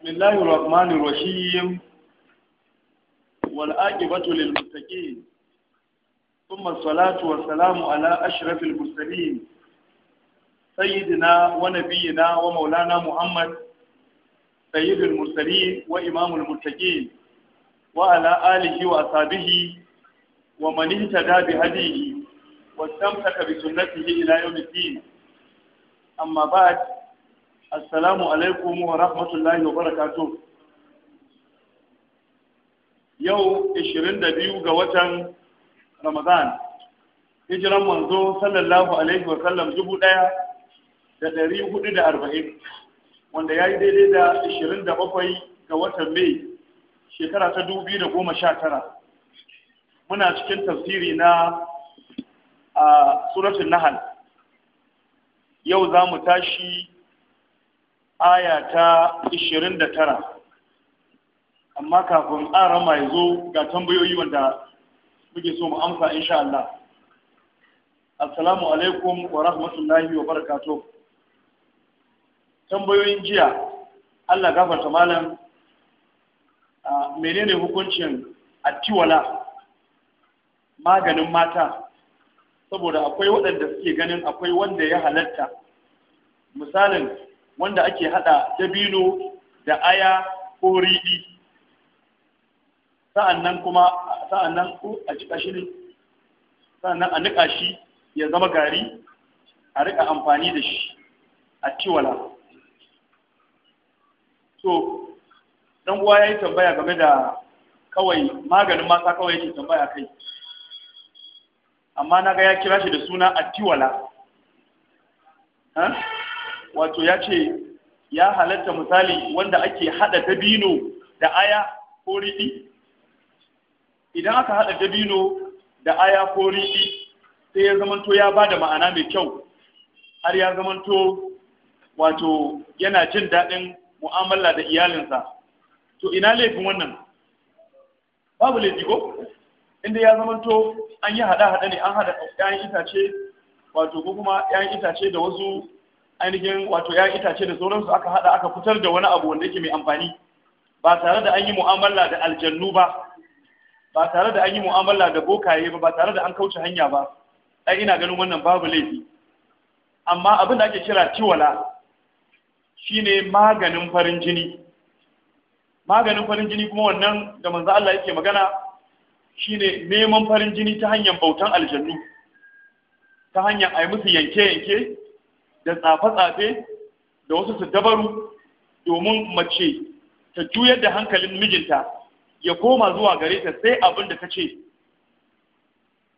بسم الله الرحمن الرحيم والآقبة للمتقين ثم الصلاة والسلام على أشرف المرسلين سيدنا ونبينا ومولانا محمد سيد المرسلين وإمام المتقين وعلى آله وأصحابه ومن اهتدى بهديه واستمسك بسنته إلى يوم الدين أما بعد assalamu alaikum wa rahmatullahi wa barakatuh yau 22 ga watan ramadan hijiran manzo sallallahu alaihi wa sallam dubu daya da dari hudu da arba'in wanda ya yi daidai da 27 ga watan mai shekara ta dubi da goma sha tara muna cikin tafsiri na a suratun nahal yau za mu tashi aya ta 29 amma kafin arama ya zo ga tambayoyi wanda muke so mu amsa insha Allah assalamu alaikum wa rahmatullahi wa barakatuh tambayoyin jiya Allah gafarta malam menene hukuncin attiwala maganin mata saboda akwai waɗanda suke ganin akwai wanda ya halatta misalin wanda ake hada dabino da aya ko riɗi sa'annan kuma sa'annan ko a jika shi ne sa'annan a niƙa shi ya zama gari a riƙa amfani da shi a ciwala so dan uwa yayi tambaya game da kawai maganin mata kawai yake tambaya kai amma na ga ya kira shi da suna ciwala ha wato ya ce ya halatta misali wanda ake hada dabino da aya ko riɗi idan aka hada dabino da aya ko riɗi sai ya zamanto ya bada ma'ana mai kyau har ya zamanto wato yana jin daɗin mu'amala da iyalinsa to ina laifin wannan babu laifi ko inda ya zamanto an yi hada-hada ne an haɗa 'ya'yan itace wato ko kuma 'ya'yan itace da wasu ainihin wato ya itace da sauransu aka hada aka fitar da wani abu wanda yake mai amfani ba tare da an yi mu'amala da aljannu ba ba tare da an yi mu'amala da bokaye ba ba tare da an kauce hanya ba ai ina ganin wannan babu laifi amma abin da ake kira tiwala shine maganin farin jini maganin farin jini kuma wannan da manzo Allah yake magana shine neman farin jini ta hanyar bautan aljannu ta hanyar ayi musu yanke yanke da tsafe-tsafe da wasu su dabaru domin mace ta juyar da hankalin mijinta ya koma zuwa gare ta sai abin da ta ce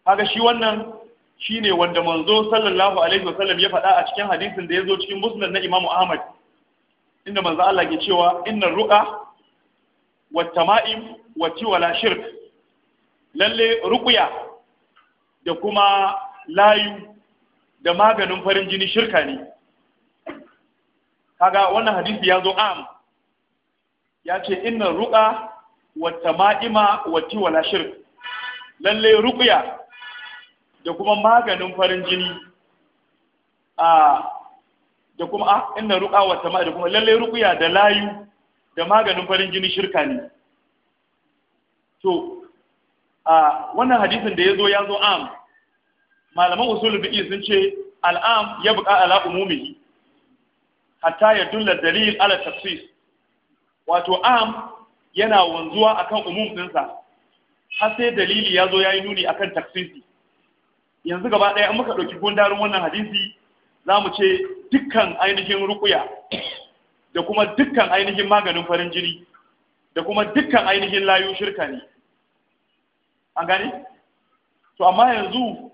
haka shi wannan shi ne wanda manzo sallallahu alaihi wasallam ya faɗa a cikin hadisin da ya zo cikin musulun na imamu ahmad inda manzo Allah ke cewa inna ruqa wa tama'im wa wala shirk lalle ruqya da kuma layu da maganin farin jini shirka ne kaga wannan hadisi ya zo am ya ce inna ruqa wa tama'ima wa wala shirk lalle ruqya da kuma maganin farin jini a da kuma a inna ruqa wa tama'a da kuma lalle ruqya da layu da maganin farin jini shirka ne to a wannan hadisin da ya zo ya zo am malaman usulul fiqh sun ce al'am ya buƙa ala umumihi hatta ya dulla dalil ala tafsis wato am yana wanzuwa akan umum ɗinsa har sai dalili ya zo ya yi nuni akan tafsisi yanzu gaba ɗaya an muka ɗauki gundarin wannan hadisi za mu ce dukkan ainihin rukuya da kuma dukkan ainihin maganin farin jini da kuma dukkan ainihin layu shirka ne an gani to amma yanzu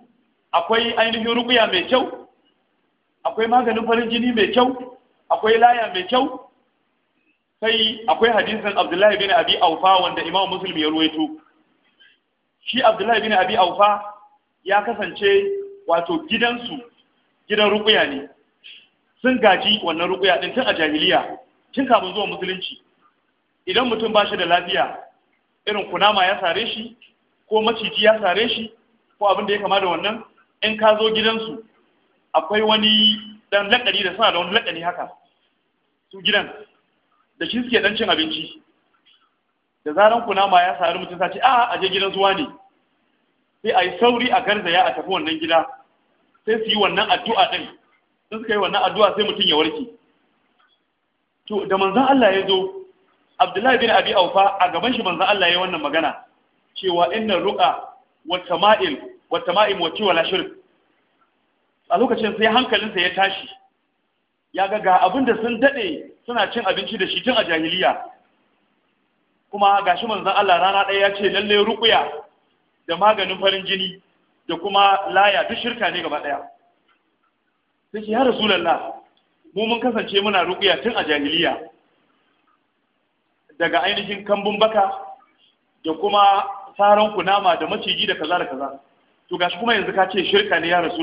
akwai ainihin rukuya mai kyau akwai maganin farin jini mai kyau akwai laya mai kyau sai akwai hadisin abdullahi bin abi aufa wanda imam muslim ya ruwaito shi abdullahi bin abi aufa ya kasance wato gidansu gidan rukuya ne sun gaji wannan rukuya din tun a jahiliya tun kafin zuwa musulunci idan mutum ba shi da lafiya irin kunama ya sare shi ko maciji ya sare shi ko abin da ya kama da wannan in ka zo gidansu akwai wani dan lakani da suna da wani lakani haka su gidan da shi suke dan cin abinci da zaran ma ya sari mutum sace a aje gidan zuwa ne sai a sauri a garzaya a tafi wannan gida sai su yi wannan addu'a din sun suka yi wannan addu'a sai mutum ya warke to da manzon Allah ya zo Abdullahi bin Abi Aufa a gaban shi manzan Allah ya yi wannan magana cewa inna ru'a wa tama'il wata ma'im wa ciwa lashir a lokacin sai hankalinsa ya tashi ya ga ga abin da sun daɗe suna cin abinci da shi tun a jahiliya kuma gashi manzan Allah rana ɗaya ya ce lalle rukuya da maganin farin jini da kuma laya duk shirka ne gaba ɗaya sai ce ya rasulallah mu mun kasance muna rukuya tun a jahiliya daga ainihin kambun baka da kuma saran kunama da maciji da kaza da kaza to gashi kuma yanzu ka ce shirka ne ya rasu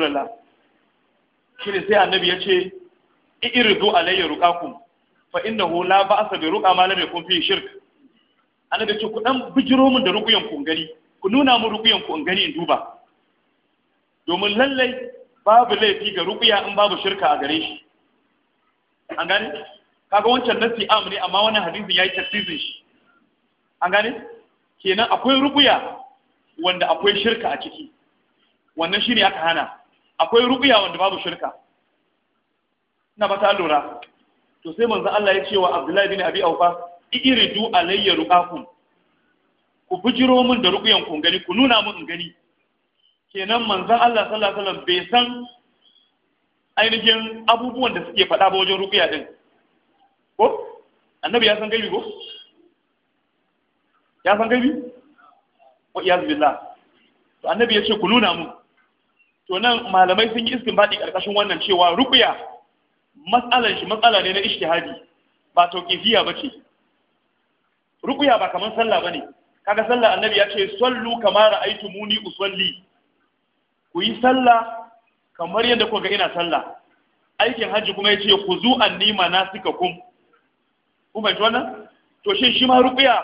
shi ne sai annabi ya ce iridu alayya ruqakum fa innahu la ba'sa bi ruka ma lam kun fi shirka. annabi ya ce ku dan bijiro mun da rukuyan ku gani ku nuna mu rukuyan ku gani in duba domin lallai babu laifi ga rukuya in babu shirka a gare shi an gane kaga wancan nasi am ne amma wannan hadisin yayi tafsirin shi an gane kenan akwai rukuya wanda akwai shirka a ciki wannan shi ne aka hana akwai rubiya wanda babu shirka ina ba ta lura to sai manzo Allah ya ce wa Abdullahi bin Abi Aufa iridu alayya ruqakum ku bujiro min da rubiyan ku gani ku nuna min gani kenan manzon Allah sallallahu alaihi wasallam bai san ainihin abubuwan da suke faɗa ba wajen rubiya din ko annabi ya san gaibi ko ya san gaibi wa iyaz billah to annabi ya ce ku nuna mun to nan malamai sun yi iskin baɗi ƙarƙashin wannan cewa rukuya matsalar shi matsala ne na ijtihadi ba tauqifiyya ce. ruqya ba kamar sallah bane kaga sallah annabi ya ce sallu kama muni usalli ku yi sallah kamar yadda kuka ga ina sallah aikin hajji kuma ya ce ku zu anni manasikakum kun fahimci wannan to shin shi ma rukuya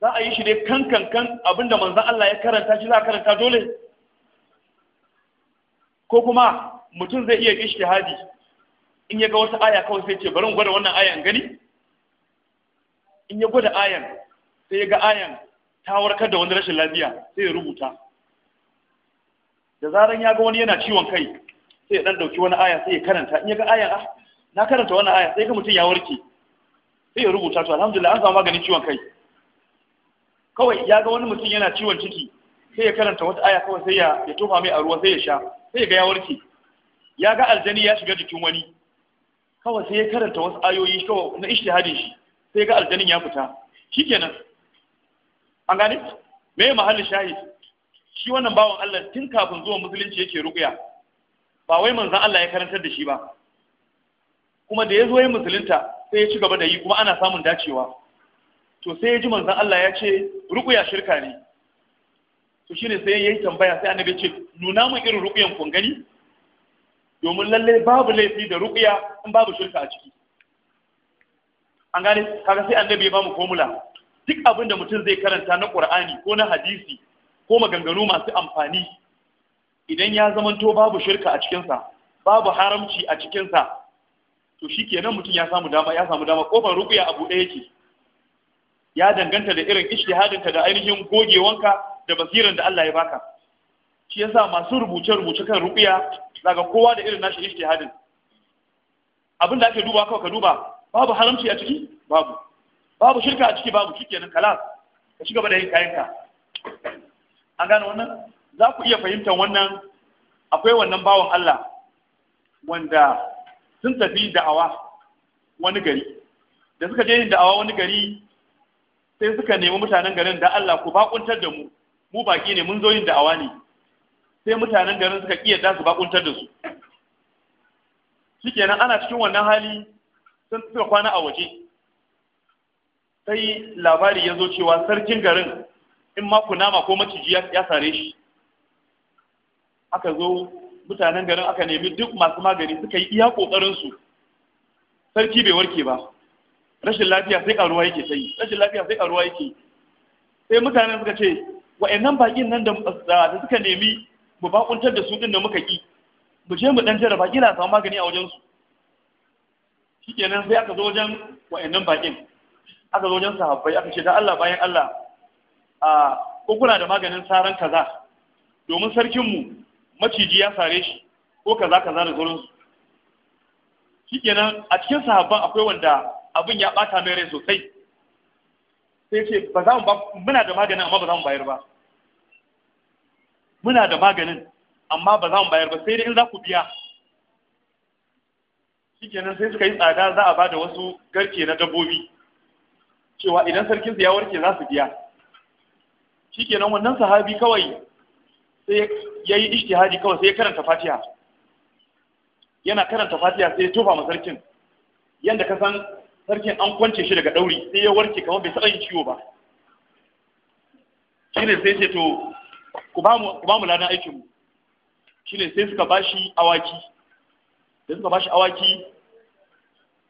za a yi shi ne kankankan kan kan abinda manzon Allah ya karanta shi za a karanta dole ko kuma mutum zai iya ishtihadi in ya ga wata aya kawai sai ce bari gwada wannan ayan gani in ya gwada ayan sai ya ga ayan ta warkar da wani rashin lafiya sai ya rubuta da zaran ya ga wani yana ciwon kai sai ya dan dauki wani aya sai ya karanta in ya ga ayan ah na karanta wannan aya sai ga mutum ya warke sai ya rubuta to alhamdulillah an samu maganin ciwon kai kawai ya ga wani mutum yana ciwon ciki sai ya karanta wata aya kawai sai ya tofa mai a ruwa sai ya sha sai ya ga ya warke ya ga aljani ya shiga jikin wani kawai sai ya karanta wasu ayoyi kawai na ishtihadin shi sai ya ga aljanin ya fita shikenan an gane me mahallin shahid shi wannan bawan Allah tun kafin zuwa musulunci yake ruqya ba wai manzon Allah ya karantar da shi ba kuma da ya zo ya musulunta sai ya ci gaba da yi kuma ana samun dacewa to sai ya ji manzon Allah ya ce ruqya shirka ne to shine sai yayi tambaya sai annabi ce nuna mun irin ruqiyan kun gani domin lalle babu laifi da ruqiya in babu shirka a ciki an gane kaga sai annabi ya bamu formula duk abin da mutum zai karanta na Qur'ani ko na hadisi ko maganganu masu amfani idan ya zamanto babu shirka a cikinsa babu haramci a cikinsa to shikenan mutum ya samu dama ya samu dama kofar rukuya abu ɗaya ce ya danganta da irin ishtihadinka da ainihin gogewanka da basiran da Allah ya baka shi yasa masu rubuce rubuce kan ruqiya daga kowa da irin nashi ijtihadin abin da ake duba kawai ka duba babu haramci a ciki babu babu shirka a ciki babu nan kalas ka ci gaba da yin kayanka an gane wannan za ku iya fahimtar wannan akwai wannan bawan Allah wanda sun tafi da'awa wani gari da suka je yin da'awa wani gari sai suka nemi mutanen garin da Allah ku bakuntar da mu mu baki ne mun zo yin da'awa ne sai mutanen garin suka iya da su bakuntar da su shikenan ana cikin wannan hali sun suka kwana a waje sai labari ya zo cewa sarkin garin in ma kunama ko maciji ya sare shi aka zo mutanen garin aka nemi duk masu magani suka yi iya ƙoƙarinsu sarki bai warke ba rashin lafiya sai karuwa yake sai rashin lafiya sai karuwa yake sai mutanen suka ce wa'annan bakin nan da suka nemi mu bakuntar da su din da muka ki mu je mu dan jarraba kila samu magani a wajen su shikenan sai aka zo wajen wa'annan bakin aka zo wajen sahabbai aka ce da Allah bayan Allah a ko da maganin saran kaza domin sarkin mu maciji ya sare shi ko kaza kaza da sauran su shikenan a cikin sahabban akwai wanda abin ya bata mai rai sosai sai ce ba za mu ba muna da maganin amma ba za mu bayar ba muna da maganin amma ba za mu bayar ba sai dai in za ku biya shikenan sai suka yi tsada za a bada wasu garke na dabbobi cewa idan sarkin su ya warke za su biya shikenan wannan sahabi kawai sai ya yi ishtihadi kawai sai ya karanta fatiha yana karanta fatiha sai ya tofa ma sarkin yanda ka san sarkin an kwance shi daga ɗauri sai ya warke kamar bai taɓa yin ciwo ba shi ne sai ce to ku ba mu ladan aikinmu shi ne sai suka ba shi awaki da suka ba shi awaki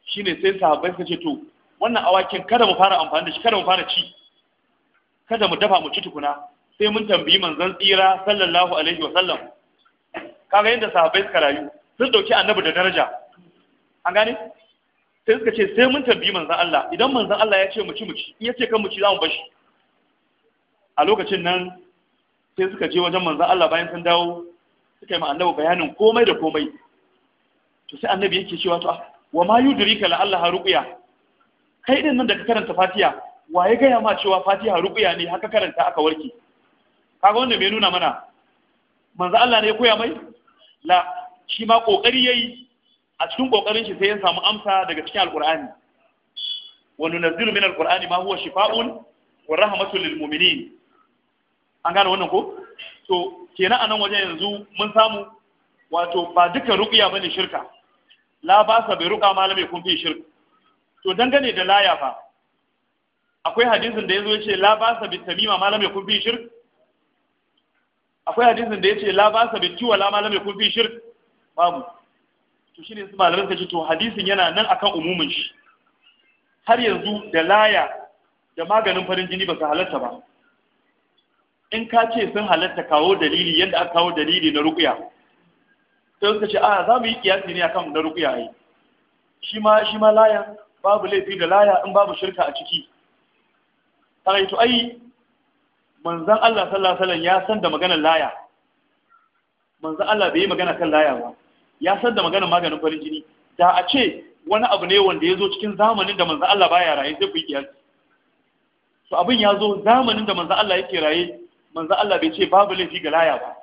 shi ne sai sahabai suka ce to wannan awakin kada mu fara amfani da shi kada mu fara ci kada mu dafa mu ci tukuna sai mun tambayi manzan tsira sallallahu alaihi wa sallam kaga yadda sahabbai suka rayu sun dauki annabi da daraja an gane sai suka ce sai mun tambi manzan Allah idan manzan Allah ya ce mu ci mu ya ce kan mu za mu bashi a lokacin nan sai suka je wajen manzan Allah bayan sun dawo suka yi ma'anar bayanin komai da komai to sai annabi yake cewa to ah, wa ma yudrika la Allah ruqiya kai din nan da ka karanta Fatiha waye ga ya ma cewa Fatiha ruqiya ne haka karanta aka warke kaga wanda bai nuna mana Manzan Allah ne ya koya mai la shi ma kokari yayi a cikin kokarin shi sai ya samu amsa daga cikin alqur'ani wa nunazzilu min alqur'ani ma huwa shifaa'un wa rahmatun lil mu'minin an gane wannan ko to kenan anan wajen yanzu mun samu wato ba duka ruqiya bane shirka la ba sa bai ruqa malamai kun fi shirka to dangane da laya fa akwai hadisin da yazo yace la ba sa bi tamima malamai kun fi shirka akwai hadisin da yace la ba sa bi tuwa la malamai kun fi shirka babu to shine su malamai suka ce to hadisin yana nan akan umumin shi har yanzu da laya da maganin farin jini ba su halatta ba in ka ce sun halatta kawo dalili yadda aka kawo dalili na rukuya sai suka ce a za mu yi kiyasi ne akan na rukuya ai shi ma shi ma laya babu laifi da laya in babu shirka a ciki sai ai manzon Allah sallallahu alaihi wasallam ya san da maganar laya manzan Allah bai yi magana kan laya ba ya san da maganar maganin farin jini da a ce wani abu ne wanda ya zo cikin zamanin da manzan Allah baya raye sai ku yi kiyasi to abin ya zo zamanin da manzan Allah yake raye manzan Allah bai ce babu laifi ga laya ba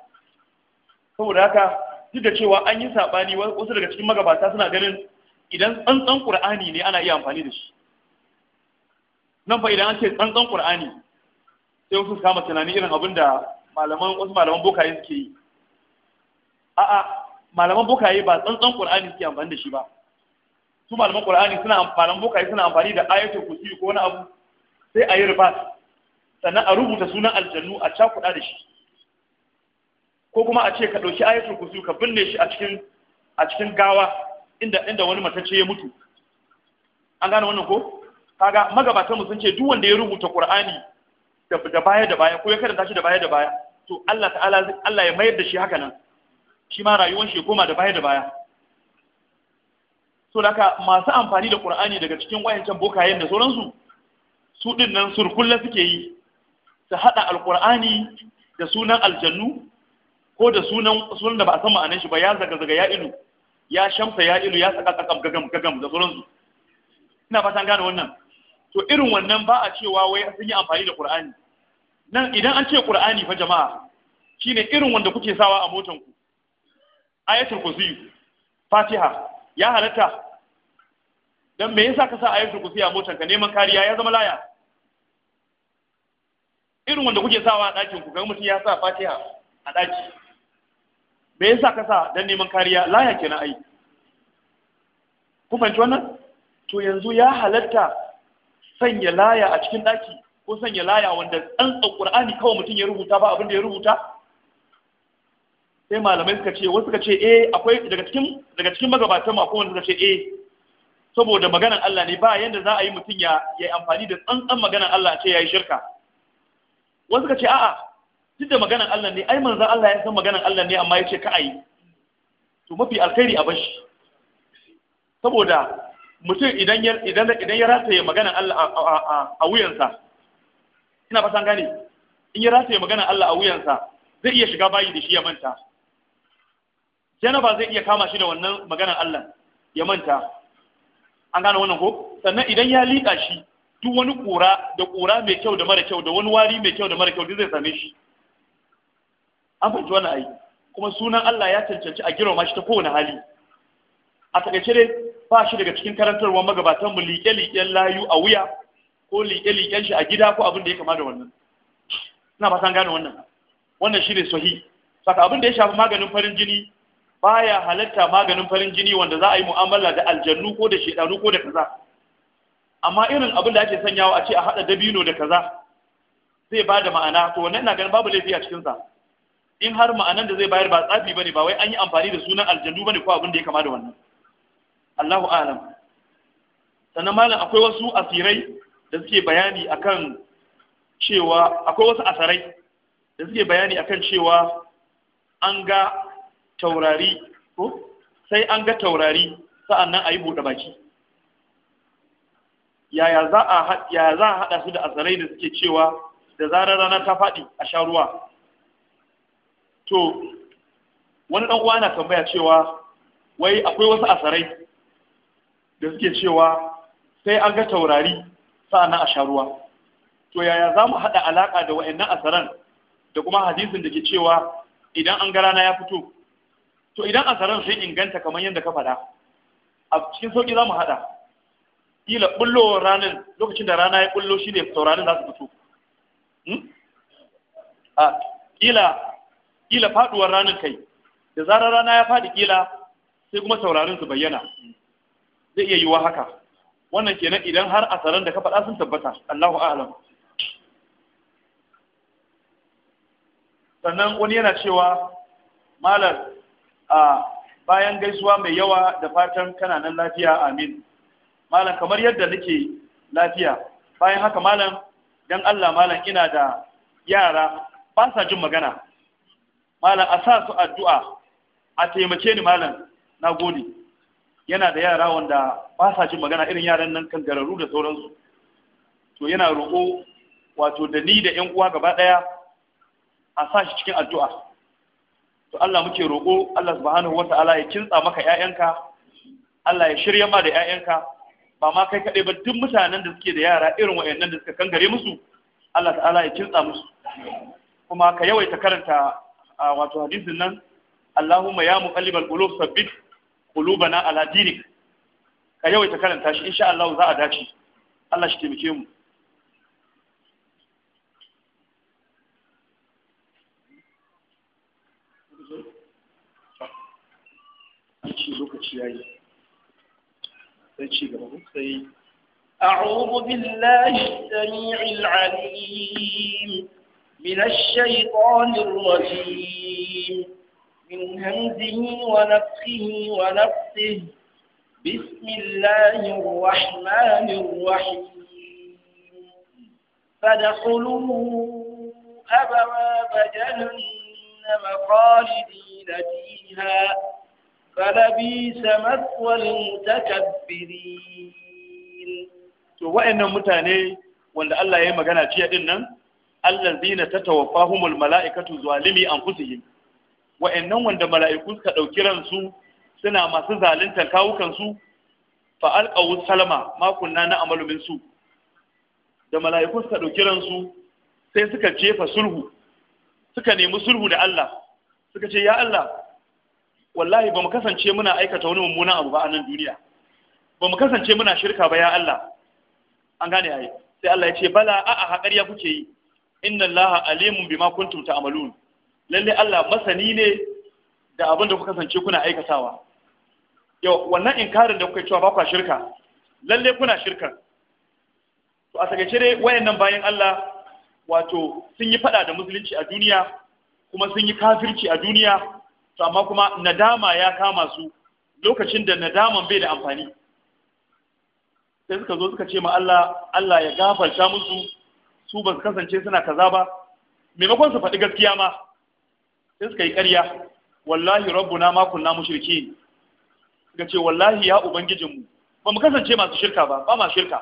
saboda haka duk da cewa an yi sabani wasu daga cikin magabata suna ganin idan tsantsan Qur'ani ne ana iya amfani da shi nan fa idan an ce tsantsan Qur'ani sai wasu kama tunani irin abin da malaman wasu malaman bokaye suke yi a'a malaman bukaye ba tsantsan qur'ani suke amfani da shi ba su malaman qur'ani suna amfani bukaye suna amfani da ayatul kursi ko wani abu sai ayi yi sannan a rubuta sunan aljannu a cakuda da shi ko kuma a ce ka ɗauki ayatul kursi ka binne shi a cikin a cikin gawa inda inda wani matacce ya mutu an gane wannan ko kaga magabatanmu sun ce duk wanda ya rubuta qur'ani da baya da baya ko ya karanta shi da baya da baya to Allah ta'ala Allah ya mayar da shi haka nan shi ma rayuwar shi koma da baya da baya so daga masu amfani da qur'ani daga cikin wayancan bokayen da sauransu su din nan surkulla suke yi su hada alqur'ani da sunan aljannu ko da sunan sunan da ba a san ma'anar shi ba ya zaga zaga ya ilu ya shamsa ya ilu ya saka tsakam gagam gagam da sauransu ina fatan gane wannan to irin wannan ba a cewa wai sun yi amfani da qur'ani nan idan an ce qur'ani fa jama'a shine irin wanda kuke sawa a motan ku ayatul kursi fatiha ya halatta dan me yasa ka sa ayatul kursi a motar ka neman kariya ya zama laya irin wanda kuke sawa a ɗakin ku kaga mutum ya sa fatiha a ɗaki me yasa ka sa dan neman kariya laya kenan ai kun fahimci wannan to yanzu ya halatta sanya laya a cikin ɗaki ko sanya laya wanda tsantsan ƙur'ani kawai mutum ya rubuta ba abin da ya rubuta sai malamai suka ce wasu suka ce eh akwai daga cikin daga cikin magabatan mu akwai wanda suka ce eh saboda maganar Allah ne ba yanda za a yi mutum ya yi amfani da tsantsan maganar Allah ce yayi shirka wasu suka ce a'a duk da maganar Allah ne ai manzon Allah ya san maganar Allah ne amma ya ce ka ayi to mafi alkhairi a bashi saboda mutum idan ya idan idan ya rataye maganar Allah a wuyansa ina fatan gane in ya rataye maganar Allah a wuyansa zai iya shiga bayi da shi ya manta ba zai iya kama shi da wannan maganar Allah ya manta an gane wannan ko sannan idan ya liƙa shi duk wani ƙura da ƙura mai kyau da mara kyau da wani wari mai kyau da mara kyau duk zai same shi an fahimci wannan ai kuma sunan Allah ya cancanci a girma shi ta kowane hali a takaice dai ba shi daga cikin karantarwar magabatan mu liƙe-liƙen layu a wuya ko liƙe-liƙen shi a gida ko abin da ya kama da wannan ina ba san gane wannan wannan shi ne sahi saka abin da ya shafi maganin farin jini baya halatta maganin farin jini wanda za a yi mu'amala da aljannu ko da shedanu ko da kaza amma irin abin da ake sanyawa a ce a hada dabino da kaza zai ba da ma'ana to wannan ina ganin babu laifi a cikin sa in har ma'anan da zai bayar ba tsafi bane ba wai an yi amfani da sunan aljannu bane ko abin da ya kama da wannan Allahu a'lam sannan malam akwai wasu asirai da suke bayani akan cewa akwai wasu asarai da suke bayani akan cewa an ga taurari ko sai an ga taurari sa'annan a yi buɗe baki yaya za a haɗa su da azarai da suke cewa da zarar rana ta faɗi a sha ruwa to wani ɗan uwa na tambaya cewa wai akwai wasu asarai da suke cewa sai an ga taurari sa'annan a sha ruwa to yaya za mu haɗa alaƙa da wa'annan asaran da kuma hadisin da ke cewa idan an ga rana ya fito to idan asaran sun inganta kamar yadda ka faɗa a cikin sauƙi za mu haɗa kila ɓullo ranar lokacin da rana ya ɓullo shi ne sauranin za su fito hmm? a kila faɗuwar ranar kai da zarar rana ya faɗi ƙila, sai kuma saurari su bayyana zai iya yiwuwa haka wannan kenan idan har asaran da ka faɗa sun tabbata Allahu a'lam sannan wani yana cewa malar a bayan gaisuwa mai yawa da fatan kana nan lafiya amin malam kamar yadda nake lafiya bayan haka malam dan Allah malam ina da yara ba sa jin magana malam a sa su addu'a a taimake ni malam na gode yana da yara wanda ba sa jin magana irin yaran nan kan gararu da sauransu to yana roƙo wato da ni da 'yan uwa gaba ɗaya a sa shi cikin addu'a to Allah muke roƙo Allah subhanahu wata'ala ya kintsa maka ƴaƴanka Allah ya shirya ma da ƴaƴanka ba ma kai kaɗai ba duk mutanen da suke da yara irin wayannan da suka kangare musu Allah ta'ala ya kintsa musu kuma ka yawaita karanta wato hadisin nan Allahumma ya muqallibal qulub sabbit qulubana ala dinik ka yawaita karanta shi insha Allah za a dace Allah shi taimake mu أعوذ بالله السميع العليم من الشيطان الرجيم من همزه ونفخه ونفسه بسم الله الرحمن الرحيم فدخلوا أبواب جهنم خالدين فيها فلبيس مثوى المتكبرين to wa'annan mutane wanda Allah ya yi magana ciya din nan allazina tatawaffahumul mala'ikatu zalimi anfusihim wa'annan wanda mala'iku suka dauki ransu suna masu zaluntar kawukan su fa alqaw salama ma kunna na amalu min su da mala'iku suka dauki ransu sai suka jefa sulhu suka nemi sulhu da Allah suka ce ya Allah wallahi ba mu kasance muna aikata wani mummunan abu ba a nan duniya ba mu kasance muna shirka ba ya Allah an gane ai sai Allah ya ce bala a a ya kuke yi inna Allah alimun bima kuntum ta'malun lalle Allah masani ne da abin da kuka kasance kuna aikatawa yau wannan inkarin da kuka cewa ba ku shirka lalle kuna shirka. to a sake dai wayannan bayan Allah wato sun yi fada da musulunci a duniya kuma sun yi kafirci a duniya to amma kuma nadama ya kama su lokacin da nadaman bai da amfani sai suka zo suka ce ma Allah Allah ya gafarta musu su ba su kasance suna kaza ba maimakon su faɗi gaskiya ma sai suka yi ƙarya wallahi rabbuna ma kunna mushriki suka ce wallahi ya ubangijinmu ba mu kasance masu shirka ba ba ma shirka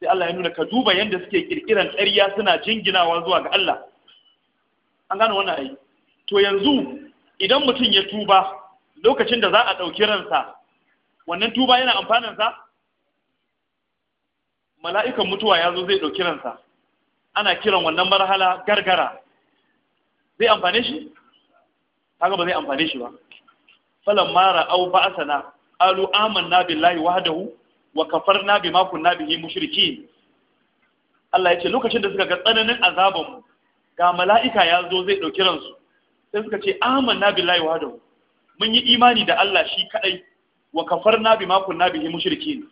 sai Allah ya nuna ka duba yanda suke kirkiran ƙarya suna jinginawa zuwa ga Allah an gano wannan ai to yanzu idan mutum ya tuba lokacin da za a ɗauki ransa wannan tuba yana amfaninsa mala'ikan mutuwa ya zo zai ɗauki ransa ana kiran wannan marhala gargara zai amfane shi? haka ba zai amfane shi ba falon mara au ba asana alu aman na layi wahadahu wa kafar na bi makon na bihi mushriki Allah ya ce lokacin da suka ga tsananin azabanmu ga mala'ika ya zo zai ɗauki ransu sai suka ce amanna billahi wahdahu mun yi imani da Allah shi kadai wa kafar nabi kunna bihi yi mun ne.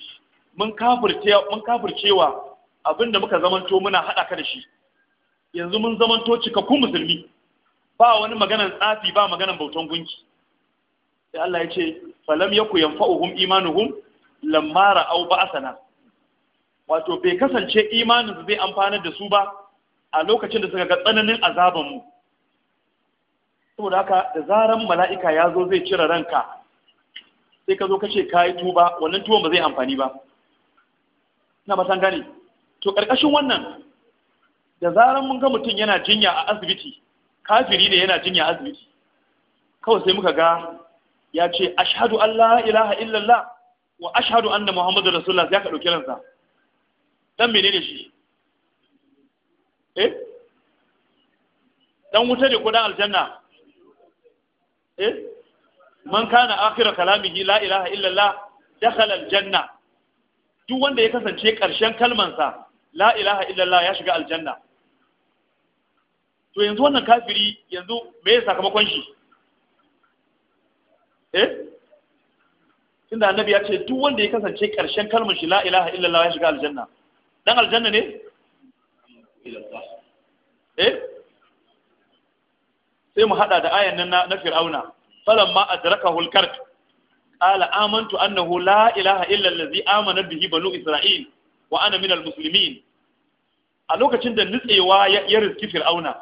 mun kafircewa abinda muka zamanto muna haɗa ka da shi yanzu mun zamanto cikakkun musulmi ba wani maganan tsafi ba maganan bautan gunki sai Allah ya ce falam yaku yanfa'uhum imanuhum lamma ra'aw ba'sana wato bai kasance imanin su zai amfanar da su ba a lokacin da suka ga tsananin azaban mu saboda haka da zaran mala'ika ya zo zai cire ranka sai ka zo ka ce kayi tuba wannan tuwon ba zai amfani ba ina ba san gane to karkashin wannan da zaran mun ga mutum yana jinya a asibiti kafiri ne yana jinya a asibiti kawai sai muka ga ya ce ashhadu an la ilaha illallah wa ashhadu anna muhammadu rasulullah ya ka dauki ransa dan menene shi eh dan wuta ne ko dan aljanna eh man kana akhira kalamihi la ilaha illallah dakhala aljanna duk wanda ya kasance karshen kalmansa la ilaha illallah ya shiga aljanna to yanzu wannan kafiri yanzu me ya sakamakon shi eh tunda annabi ya ce duk wanda ya kasance karshen kalman shi la ilaha illallah ya shiga aljanna dan aljanna ne eh sai mu hada da ayan nan na fir'auna falamma adraka al-kark qala amantu annahu la ilaha illa allazi amana bihi banu isra'il wa ana min al a lokacin da nutsewa ya riski fir'auna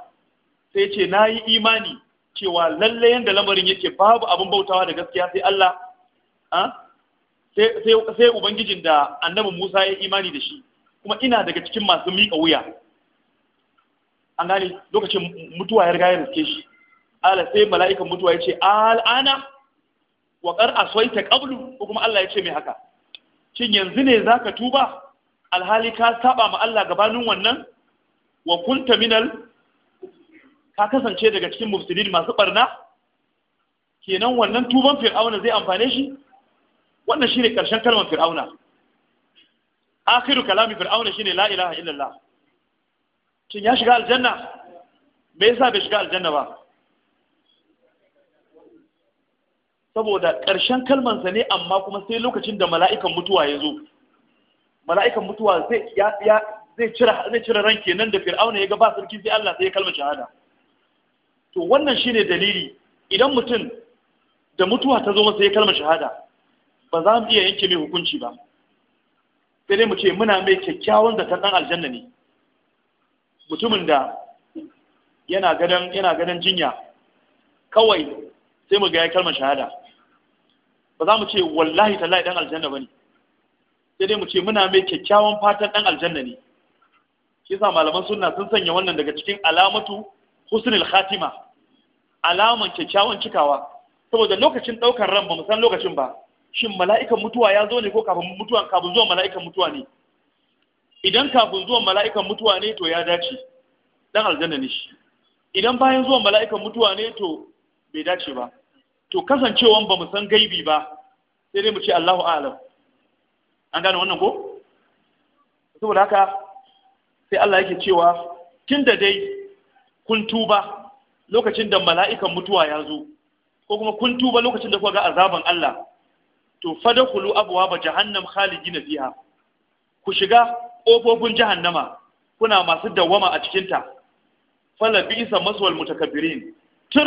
sai ce nayi imani cewa lalle yanda lamarin yake babu abin bautawa da gaskiya sai Allah ah, sai ubangijin da annabi Musa ya imani da shi kuma ina daga cikin masu miƙa wuya an gane lokacin mutuwa ya riga ya riske shi ala sai mala'ikan mutuwa ya ce al'ana wa kar ta qablu ko kuma Allah ya ce mai haka shin yanzu ne za ka tuba alhali ka saba ma Allah gabanin wannan wa kunta minal ka kasance daga cikin mufsidin masu barna kenan wannan tuban fir'auna zai amfane shi wannan shi ne karshen kalmar fir'auna akhiru kalami fir'auna shi ne la ilaha illallah shin ya shiga aljanna me yasa bai shiga aljanna ba saboda ƙarshen kalmansa ne amma kuma sai lokacin da mala'ikan mutuwa ya zo mala'ikan mutuwa zai cire zai nan ran kenan da fir'auna ya ga ba sarki sai Allah sai ya kalma shahada to wannan shine dalili idan mutum da mutuwa ta zo masa ya kalma shahada ba za mu iya yanke mai hukunci ba sai dai mu ce muna mai kyakkyawan da ɗan aljanna ne mutumin da yana gadan jinya kawai sai mu ga ya kalma shahada ba za mu ce wallahi tallahi dan aljanna bane sai dai mu ce muna mai kyakkyawan fatan dan aljanna ne shi yasa malaman sunna sun sanya wannan daga cikin alamatu husnul khatima alaman kyakkyawan cikawa saboda lokacin daukar ran ba mu san lokacin ba shin mala'ikan mutuwa ya zo ne ko kafin mutuwa kafin zuwan mala'ikan mutuwa ne idan kafin zuwan mala'ikan mutuwa ne to ya dace dan aljanna ne shi idan bayan zuwan mala'ikan mutuwa ne to bai dace ba to kasancewan ba mu san gaibi ba sai dai mu ce Allahu a'lam an gane wannan ko saboda haka sai Allah yake cewa tunda dai kun tuba lokacin da mala'ikan mutuwa ya zo ko kuma kun tuba lokacin da kuka ga azaban Allah to fadkhulu abwaaba jahannam na fiha ku shiga kofofin jahannama kuna masu dawwama a cikin ta fala bi'sa maswal mutakabbirin tur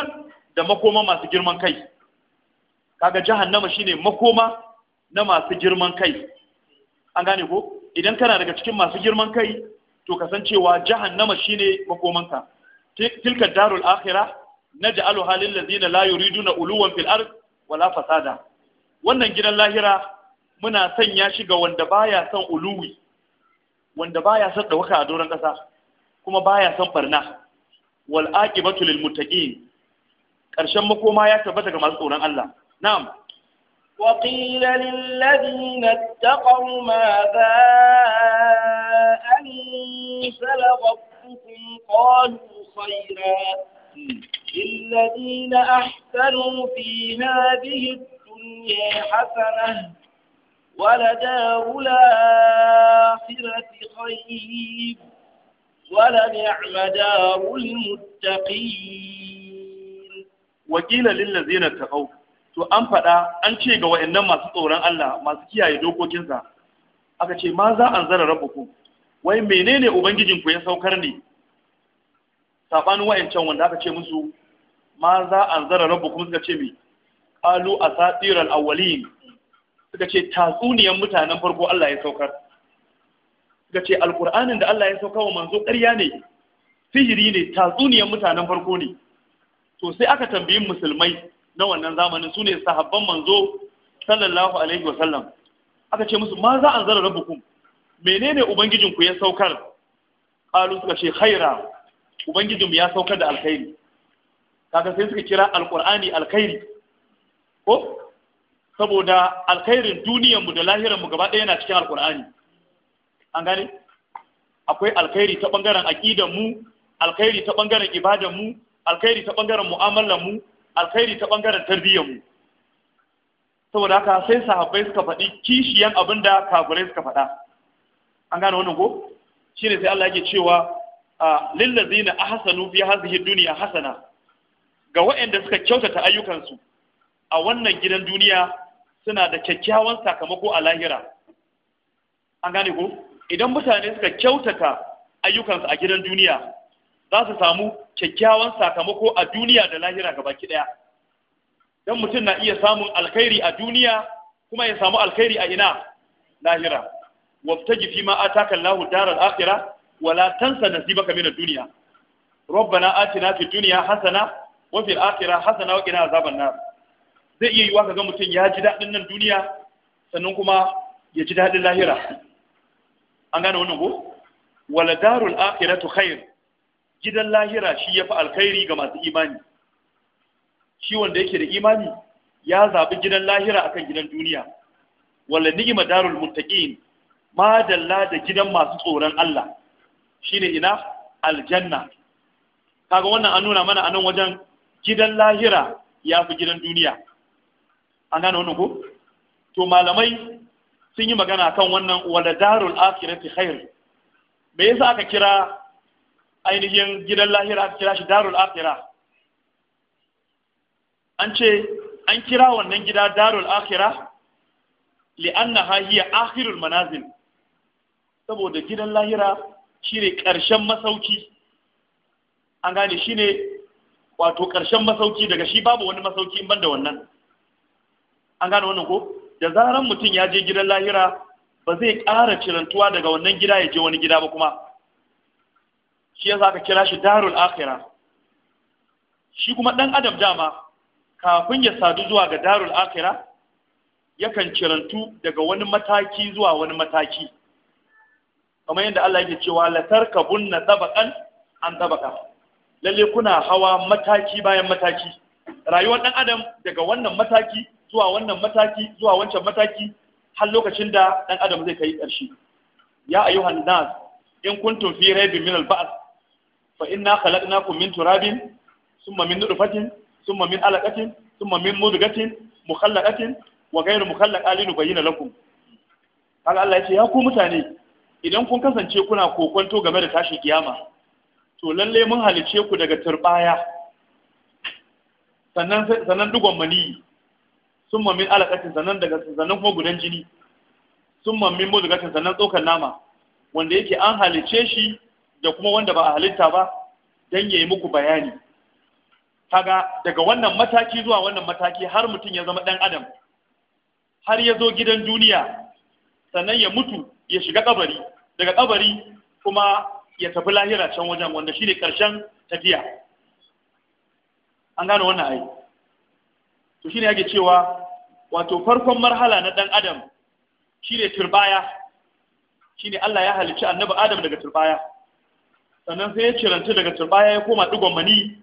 da makoma masu girman kai kaga jahannama shine makoma na masu girman kai an gane ko idan kana daga cikin masu girman kai to kasancewa jahannama shine makomanka tilka darul akhirah naj'alu halil ladina la yuriduna uluwan fil ard wala fasada wannan gidan lahira muna sanya shi ga wanda baya son uluwi wanda baya son dauka a doron kasa kuma baya son barna wal aqibatu lil muttaqin karshen makoma ya tabbata ga masu tsoron Allah نعم وقيل للذين اتقوا ماذا أنزل ربكم قالوا خيرا للذين أحسنوا في هذه الدنيا حسنة ولدار الآخرة خير ولنعم دار المتقين وقيل للذين اتقوا to an faɗa an ce ga wa'annan masu tsoron Allah masu kiyaye dokokinsa aka ce ma za an zara rabbuku wai menene ubangijin ku ya saukar ne sabanin wa'ancan wanda aka ce musu ma za an zara rabbuku suka ce me qalu asatiral awwalin suka ce tatsuniyan mutanen farko Allah ya saukar suka ce alqur'anin da Allah ya saukar wa manzo ƙarya ne sihiri ne tatsuniyan mutanen farko ne to sai aka tambayi musulmai na wannan zamanin su ne sahabban manzo sallallahu alaihi wa sallam aka ce musu ma za an zara rabbukum menene ubangijinku ya saukar qalu suka ce khaira mu ya saukar da alkhairi kaga sai suka kira alqur'ani alkhairi ko saboda alkhairin duniyar mu da mu gaba ɗaya yana cikin alkur'ani an gane akwai alkhairi ta ɓangaren mu, alkhairi ta ibadar mu, alkhairi ta bangaren ɓangaren mu. alkhairi ta ɓangaren tarbiyyar mu saboda haka sai sahabbai suka faɗi kishiyan abin da kafirai suka faɗa an gane wannan ko shine sai Allah yake cewa lillazina ahsanu fi hadhihi dunya hasana ga wa'anda suka kyautata ayyukansu a wannan gidan duniya suna da kyakkyawan sakamako a lahira an gane ko idan mutane suka kyautata ayyukansu a gidan duniya za su samu kyakkyawan sakamako a duniya da lahira gabaki daya dan mutum na iya samun alkhairi a duniya kuma ya samu alkhairi a ina lahira wabtaji fi ma takan Allahu Darar akhirah wala tansa nasibaka min ad-dunya rabbana atina fi duniya hasana wa fil akhirah hasana wa qina azaban nar zai iya yiwa kaga mutum ya ji dadin nan duniya sannan kuma ya ji dadin lahira an gane wannan ko wala darul akhiratu khair gidan lahira shi ya fi alkhairi ga masu imani shi wanda yake da imani ya zaɓi gidan lahira akan gidan duniya wala ni'ima darul muttaqin ma dalla da gidan masu tsoron Allah shine ina aljanna kaga wannan an nuna mana anan wajen gidan lahira ya fi gidan duniya an gane wannan ko to malamai sun yi magana kan wannan wala darul akhirati khair me yasa aka kira ainihin gidan lahira aka kira shi darul akira an ce an kira wannan gida darul akhira li'annaha hiya akhirul manazil saboda gidan lahira shine ƙarshen masauki an gane shine wato ƙarshen masauki daga shi babu wani masauki in banda wannan an gane wannan ko da zaran mutum ya je gidan lahira ba zai ƙara cirantuwa daga wannan gida ya je wani gida ba kuma shi ya za ka kira shi darul akhira shi kuma ɗan adam dama kafin ya sadu zuwa ga darul akhira yakan cirantu daga wani mataki zuwa wani mataki kamar yadda Allah yake cewa la tarkabunna tabaqan an tabaqa lalle kuna hawa mataki bayan mataki rayuwar ɗan adam daga wannan mataki zuwa wannan mataki zuwa wancan mataki har lokacin da ɗan adam zai kai ƙarshe ya ayyuhan nas in kuntum fi raibin min al-ba'th fa inna khalaqnakum min turabin thumma min nutfatin thumma min alaqatin thumma min mudghatin mukhallaqatin wa ghayru mukhallaqa linubayyana lakum kaga Allah ya ce ya ku mutane idan kun kasance kuna kokonto game da tashi kiyama to lalle mun halice ku daga turbaya sannan sannan dugon mani summa min alaqatin sannan daga sannan kuma gudan jini summa min mudghatin sannan tsokan nama wanda yake an halice shi da kuma wanda ba a halitta ba don ya yi muku bayani kaga daga wannan mataki zuwa wannan mataki har mutum ya zama ɗan adam har ya zo gidan duniya sannan ya mutu ya shiga kabari daga kabari kuma ya tafi lahira can wajen wanda shine karshen tafiya an gane wannan ai to shine yake cewa wato farkon marhala na dan adam shine turbaya shine Allah ya halicci annabi Adam daga turbaya sannan sai ya ciranta daga turbaya ya koma digon mani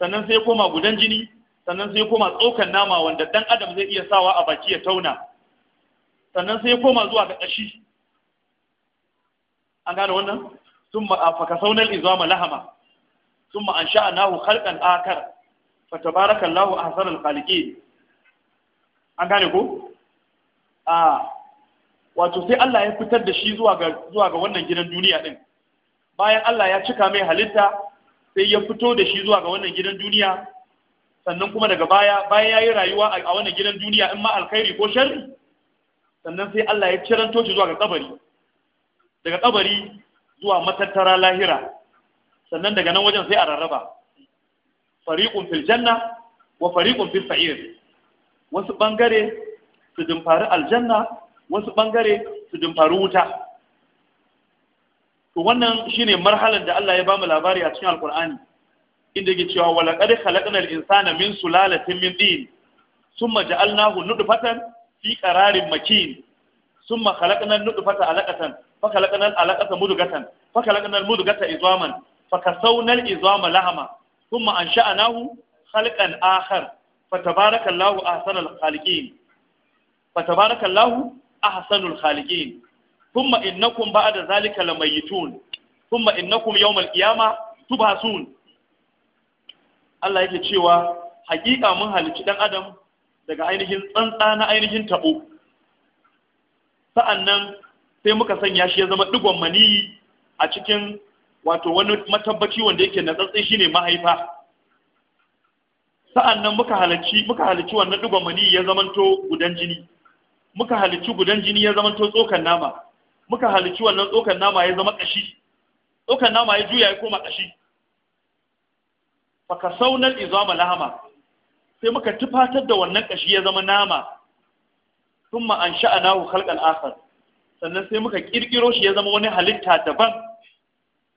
sannan sai ya koma gudan jini sannan sai ya koma tsokan nama wanda dan adam zai iya sawa a baki ya tauna sannan sai ya koma zuwa ga kashi an gane wannan sun ma'afaka saunar izama lahama sun ma'an nahu halkan akar fatabarakan lahu a hasarar kalike an gane ko? a wato sai Allah ya fitar da shi zuwa ga wannan gidan duniya din bayan Allah ya cika mai halitta sai ya fito da shi zuwa ga wannan gidan duniya sannan kuma daga baya bayan ya yi rayuwa a wannan gidan duniya in ma alkhairi ko sharri sannan sai Allah ya ciranto shi zuwa ga kabari daga kabari zuwa matattara lahira sannan daga nan wajen sai a rarraba fariqun fil janna wa fariqun fil sa'ir wasu bangare su dimfari aljanna wasu bangare su dimfari wuta wannan shine marhalar da Allah ya bamu labari a cikin alkur'ani inda yake cewa wa laqad khalaqnal insana min sulalatin min din thumma ja'alnahu nutfatan fi qararin makin thumma khalaqnal nutfata alaqatan fa khalaqnal alaqata mudghatan fa khalaqnal mudghata idhaman fa kasawnal idhama lahama thumma ansha'nahu khalqan akhar fatabarakallahu ahsanul khaliqin fatabarakallahu ahsanul khaliqin ثم innakum بعد ذلك لميتون ثم innakum يوم qiyama تبعثون Allah yake cewa hakika mun halici dan adam daga ainihin tsantsa na ainihin tabo sa'annan sai muka sanya shi ya zama digon maniyi a cikin wato wani matabbaci wanda yake na tsantsi shine mahaifa sa'annan muka halici muka halici wannan digon maniyi ya zamanto gudan jini muka halicci gudan jini ya zamanto tsokan nama muka halici wannan nama ya zama ƙashi. tsokan nama ya juya ya koma kashi faka saunar izama lahama sai muka tufatar da wannan ƙashi ya zama nama sun ma'an sha'anahu halkan asar sannan sai muka ƙirƙiro shi ya zama wani halitta daban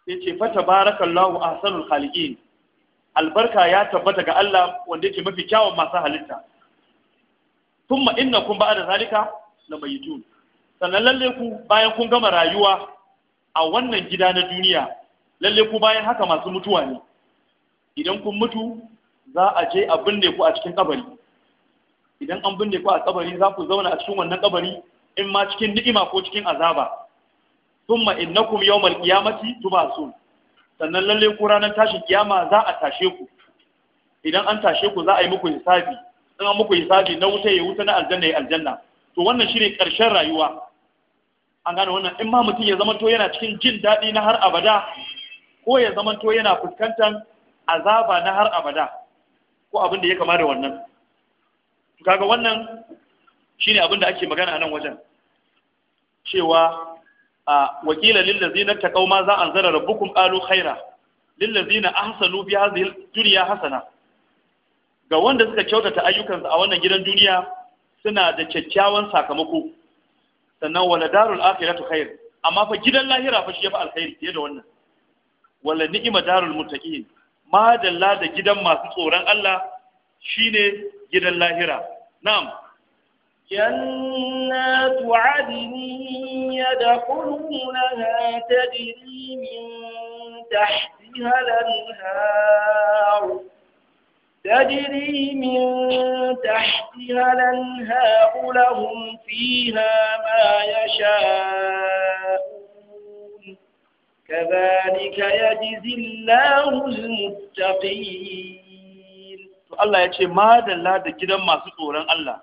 sai ce fata barakallahu ahsanul khaliqin albarka ya tabbata ga Allah wanda yake mafi kyawun masu halitta kun ba da zalika lamayitun sannan lalle ku bayan kun gama rayuwa a wannan gida na duniya lalle ku bayan haka masu mutuwa ne idan kun mutu za a je a binne ku a cikin kabari idan an binne ku a kabari za ku zauna a cikin wannan kabari in ma cikin ni'ima ko cikin azaba thumma innakum yawmal qiyamati tubasun sannan lalle ku ranar tashin kiyama za a tashe ku idan an tashe ku za a yi muku hisabi in an muku hisabi na wuta ya wuta na aljanna ya aljanna to wannan shine karshen rayuwa an gane wannan in ma mutum ya zamanto yana cikin jin daɗi na har abada ko ya zamanto yana fuskantar azaba na har abada ko abin da ya kama da wannan kaga wannan shine abin da ake magana a nan wajen cewa a wakila lillazina taqaw ma za anzara rabbukum qalu khaira lillazina ahsanu bi hadhihi dunya hasana ga wanda suka kyautata ayyukansu a wannan gidan duniya suna da kyakkyawan sakamako sannan wala darul akhiratu khair amma fa gidan lahira fa shi yafi alkhairi fiye da wannan wala ni'ima darul muttaqin ma dalla da gidan masu tsoron Allah shine gidan lahira na'am jannatu adnin yadkhulunaha tajri min tahtiha al تجري من تحتها الأنهار لهم فيها ما يشاءون كذلك يجزي الله المتقين الله يجي ما هذا الله ده جدا ما سطورا الله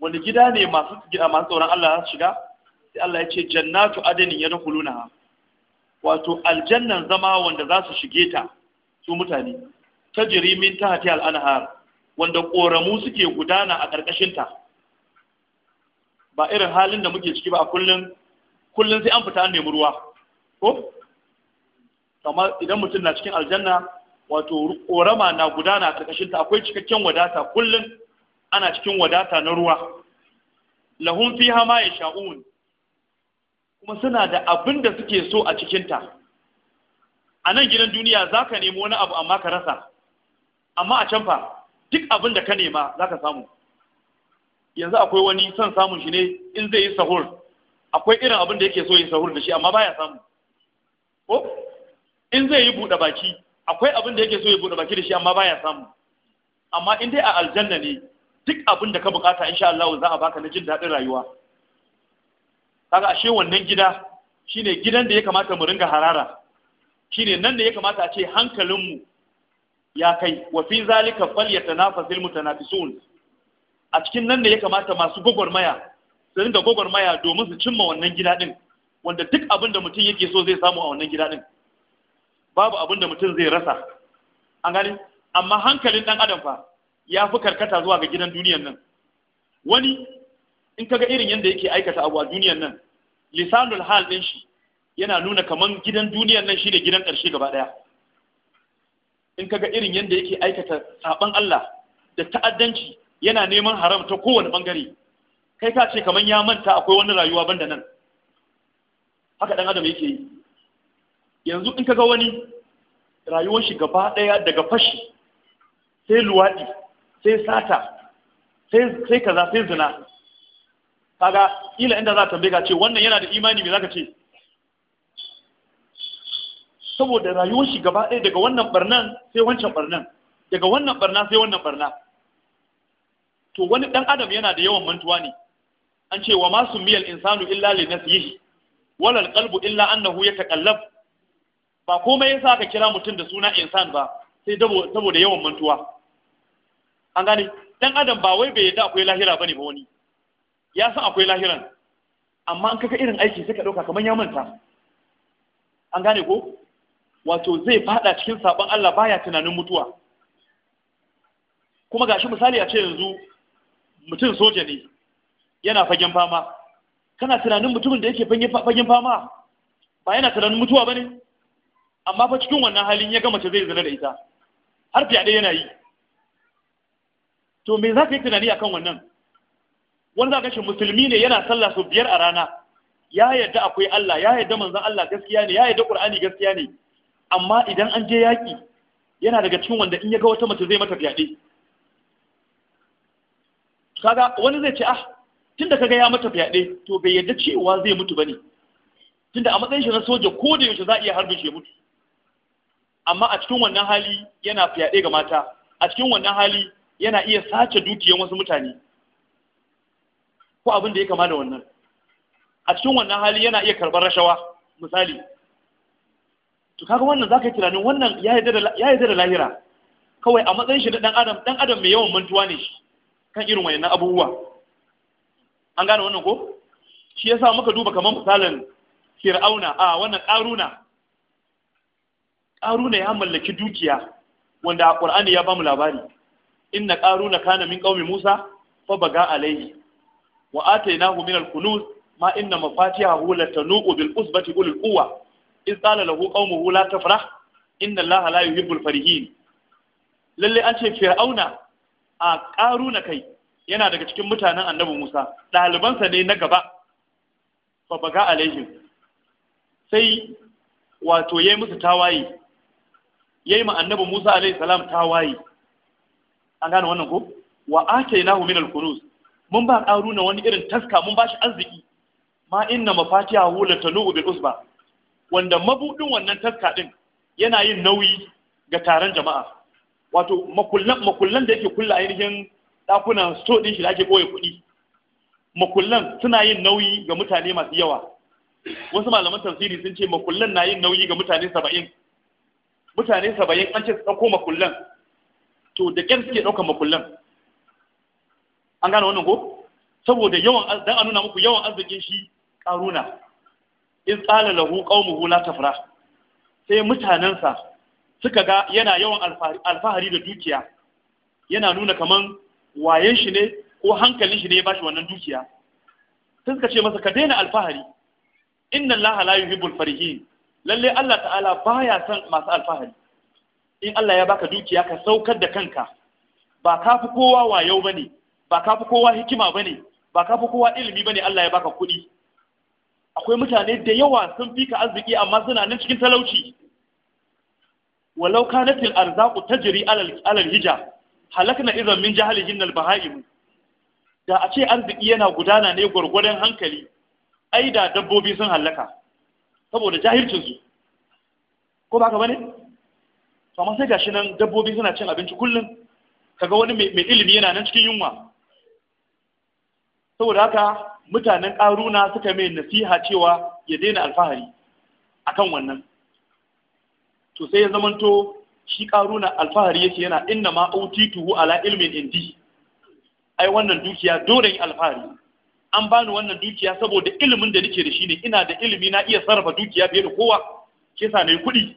wani gida ne masu masu tsoron Allah za su shiga sai Allah ya ce jannatu ya adnin yadkhuluna wato aljannan zama wanda za su shige ta su mutane tajri min ta al-anhar wanda koramu suke gudana a ƙarƙashin ba irin halin da muke ciki ba a kullun kullun sai an fita an nemi ruwa ko amma idan mutum na cikin aljanna wato korama na gudana a ƙarƙashin akwai cikakken wadata kullun ana cikin wadata na ruwa lahum fiha ma yasha'un kuma suna da abin da suke so a cikinta a nan gidan duniya za ka nemi wani abu amma ka rasa amma a can fa duk abin da ka nema za ka samu yanzu akwai wani son samun shi ne in zai yi sahur akwai irin abin da yake so yi sahur da shi amma baya samu ko in zai yi buɗe baki akwai abin da yake so ya buɗe baki da shi amma baya samu amma in dai a aljanna ne duk abin da ka bukata insha Allah za a baka na jin daɗin rayuwa kaga ashe wannan gida shine gidan da ya kamata mu ringa harara shine nan da ya kamata a ce hankalinmu ya kai wa fi zalika falyatanafasil mutanafisun a cikin nan ne ya kamata masu gwagwarmaya su ringa gwagwarmaya domin su cimma wannan gida din wanda duk abin da mutum yake so zai samu a wannan gida din babu abin da mutum zai rasa an gani amma hankalin ɗan adam fa ya fi karkata zuwa ga gidan duniyan nan wani in ka ga irin yadda yake aikata abu a duniyan nan lisanul hal ɗin shi yana nuna kaman gidan duniyan nan shine gidan ƙarshe gaba ɗaya in kaga irin yadda yake aikata saban Allah da ta'addanci yana neman haram ta kowane bangare kai ka ce kaman ya manta akwai wani rayuwa banda nan haka dan adam yake yi yanzu in kaga wani rayuwar shi gaba daya daga fashi sai luwadi sai sata sai sai kaza sai zina kaga ila inda za ka tambaye ka ce wannan yana da imani me zaka ce saboda rayuwar shi gaba ɗaya daga wannan barnan sai wancan barnan daga wannan barna sai wannan barna to wani ɗan adam yana da yawan mantuwa ne an ce wa masu miyal insanu illa li siyi wala alqalbu illa annahu yataqallab ba komai yasa ka kira mutum da suna insan ba sai saboda yawan mantuwa an gane ɗan adam ba wai bai yadda akwai lahira bane ba wani ya san akwai lahiran amma an kaka irin aiki sai ka ɗauka kamar ya manta an gane ko wato zai fada cikin sabon Allah baya tunanin mutuwa kuma gashi misali a ce yanzu mutum soja ne yana fagen fama kana tunanin mutumin da yake fagen fama ba yana tunanin mutuwa bane amma fa cikin wannan halin ya gama ce zai zina da ita har fyaɗe yana yi to me za ka yi tunani akan wannan wani za ka shi musulmi ne yana sallah sau biyar a rana ya yadda akwai Allah ya yadda manzon Allah gaskiya ne ya yadda Qur'ani gaskiya ne amma idan an je yaƙi yana daga cikin wanda in ya ga wata mace zai mata fyaɗe kaga wani zai ce ah tunda kaga ya mata fyaɗe to bai yadda cewa zai mutu bane tunda a matsayin shi na soja ko da yaushe za a iya harbin shi mutu amma a cikin wannan hali yana fyaɗe ga mata a cikin wannan hali yana iya sace dukiyar wasu mutane ko abin da ya kama da wannan a cikin wannan hali yana iya karɓar rashawa misali to kaga wannan zaka yi tunanin wannan ya yarda da lahira kawai a matsayin shi na dan adam dan adam mai yawan mantuwa ne shi kan irin wayannan abubuwa an gane wannan ko shi yasa muka duba kamar misalin fir'auna a wannan karuna karuna ya mallaki dukiya wanda qur'ani ya bamu labari inna karuna kana min qaumi musa fa baga alaihi wa atainahu min al-kunuz ma inna mafatihahu latanu bil usbati ulil quwwa in qala lahu qaumuhu la tafrah inna allaha la yuhibbul farihin lalle an ce fir'auna a karuna kai yana daga cikin mutanen annabi Musa ɗalibansa ne na gaba fa baga alaihi sai wato yayi musu tawaye yayi ma annabi Musa alaihi salam tawaye an gane wannan ko wa atainahu min al-kunuz mun ba ƙaruna wani irin taska mun ba shi arziki ma inna mafatiha hu Tanu bil usba wanda mabudin wannan taska din yana yin nauyi ga taron jama'a wato makullan makullan da yake kulla ainihin dakunan store din shi da ake koye kuɗi makullan suna yin nauyi ga mutane masu yawa wasu malaman tafsiri sun ce makullan na yin nauyi ga mutane saba'in mutane saba'in an ce su ɗauko makullan to da ƙyar suke ɗaukar makullan an gane wannan ko saboda yawan dan a nuna muku yawan arzikin shi ƙaruna in tsala lahu qaumuhu la tafra sai mutanensa suka ga yana yawan alfahari da dukiya yana nuna kaman wayen shi ne ko hankalin shi ne ya bashi wannan dukiya sai suka ce masa ka daina alfahari inna allaha la yuhibbul farihin lalle Allah ta'ala baya son masu alfahari in Allah ya baka dukiya ka saukar da kanka ba ka fi kowa wayo bane ba ka fi kowa hikima bane ba ka fi kowa ilimi bane Allah ya baka kuɗi akwai mutane da yawa sun fi ka arziki amma suna nan cikin talauci walau kanatil arzaku tajri alal alal hija halakna idan min jahalihin al bahaim da a ce arziki yana gudana ne gwargwadon hankali ai da dabbobi sun halaka saboda jahilcin su ko ba ka bane to amma sai gashi nan dabbobi suna cin abinci kullum kaga wani mai ilimi yana nan cikin yunwa saboda haka mutanen ƙaruna suka mai nasiha cewa ya daina alfahari a kan wannan to sai ya zamanto shi ƙaruna alfahari yake yana inna ma autituhu ala ilmin indi ai wannan dukiya dole yi alfahari an bani wannan dukiya saboda ilimin da nake da shi ne ina da ilimi na iya sarrafa dukiya fiye da kowa ke sa nayi kuɗi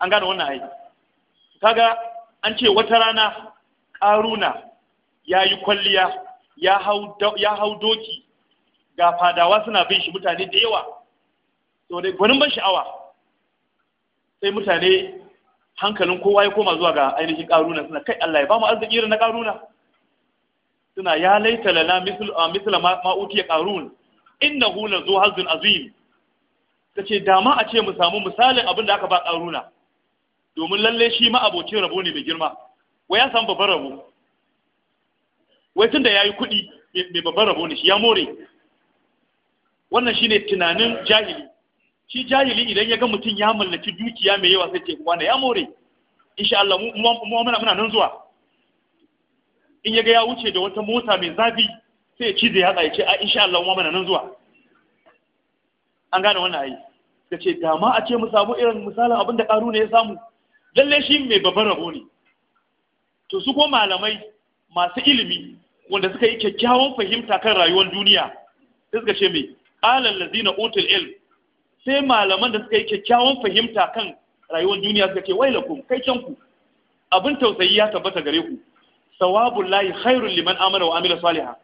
an gane wannan ai kaga an ce wata rana ƙaruna ya yi kwalliya ya hau doki ga fadawa suna bin shi mutane da yawa to dai gwanin ban sha'awa sai mutane hankalin kowa ya koma zuwa ga ainihin karuna suna kai Allah ya ba mu arziki irin na karuna suna ya laita lana misla ma utiya karun innahu hula zu hazin azim ta ce dama a ce mu samu misalin abin da aka ba karuna domin lalle shi ma abokin rabo ne mai girma wa ya san babban rabo wai tun da ya yi kuɗi mai babban rabo ne shi ya more wannan shi ne tunanin jahili shi jahili idan ya ga mutum ya mallaki dukiya mai yawa sai ce wanda ya more insha Allah mu muna muna nan zuwa in ya ga ya wuce da wata mota mai zafi sai ya ci zai haɗa ya ce a insha Allah mu muna nan zuwa an gane wannan ayi Da ce da ma a ce mu samu irin misalin abin da karu ne ya samu lalle shi mai babbar rabo ne to su ko malamai masu ilimi wanda suka yi kyakkyawan fahimta kan rayuwar duniya sai suka ce mai alal lazina utul ilm sai malaman da suka yi kyakkyawan fahimta kan rayuwar duniya suka ce wailakum kai ku abin tausayi ya tabbata gare ku sawabul lahi khairul liman amana wa amila salihah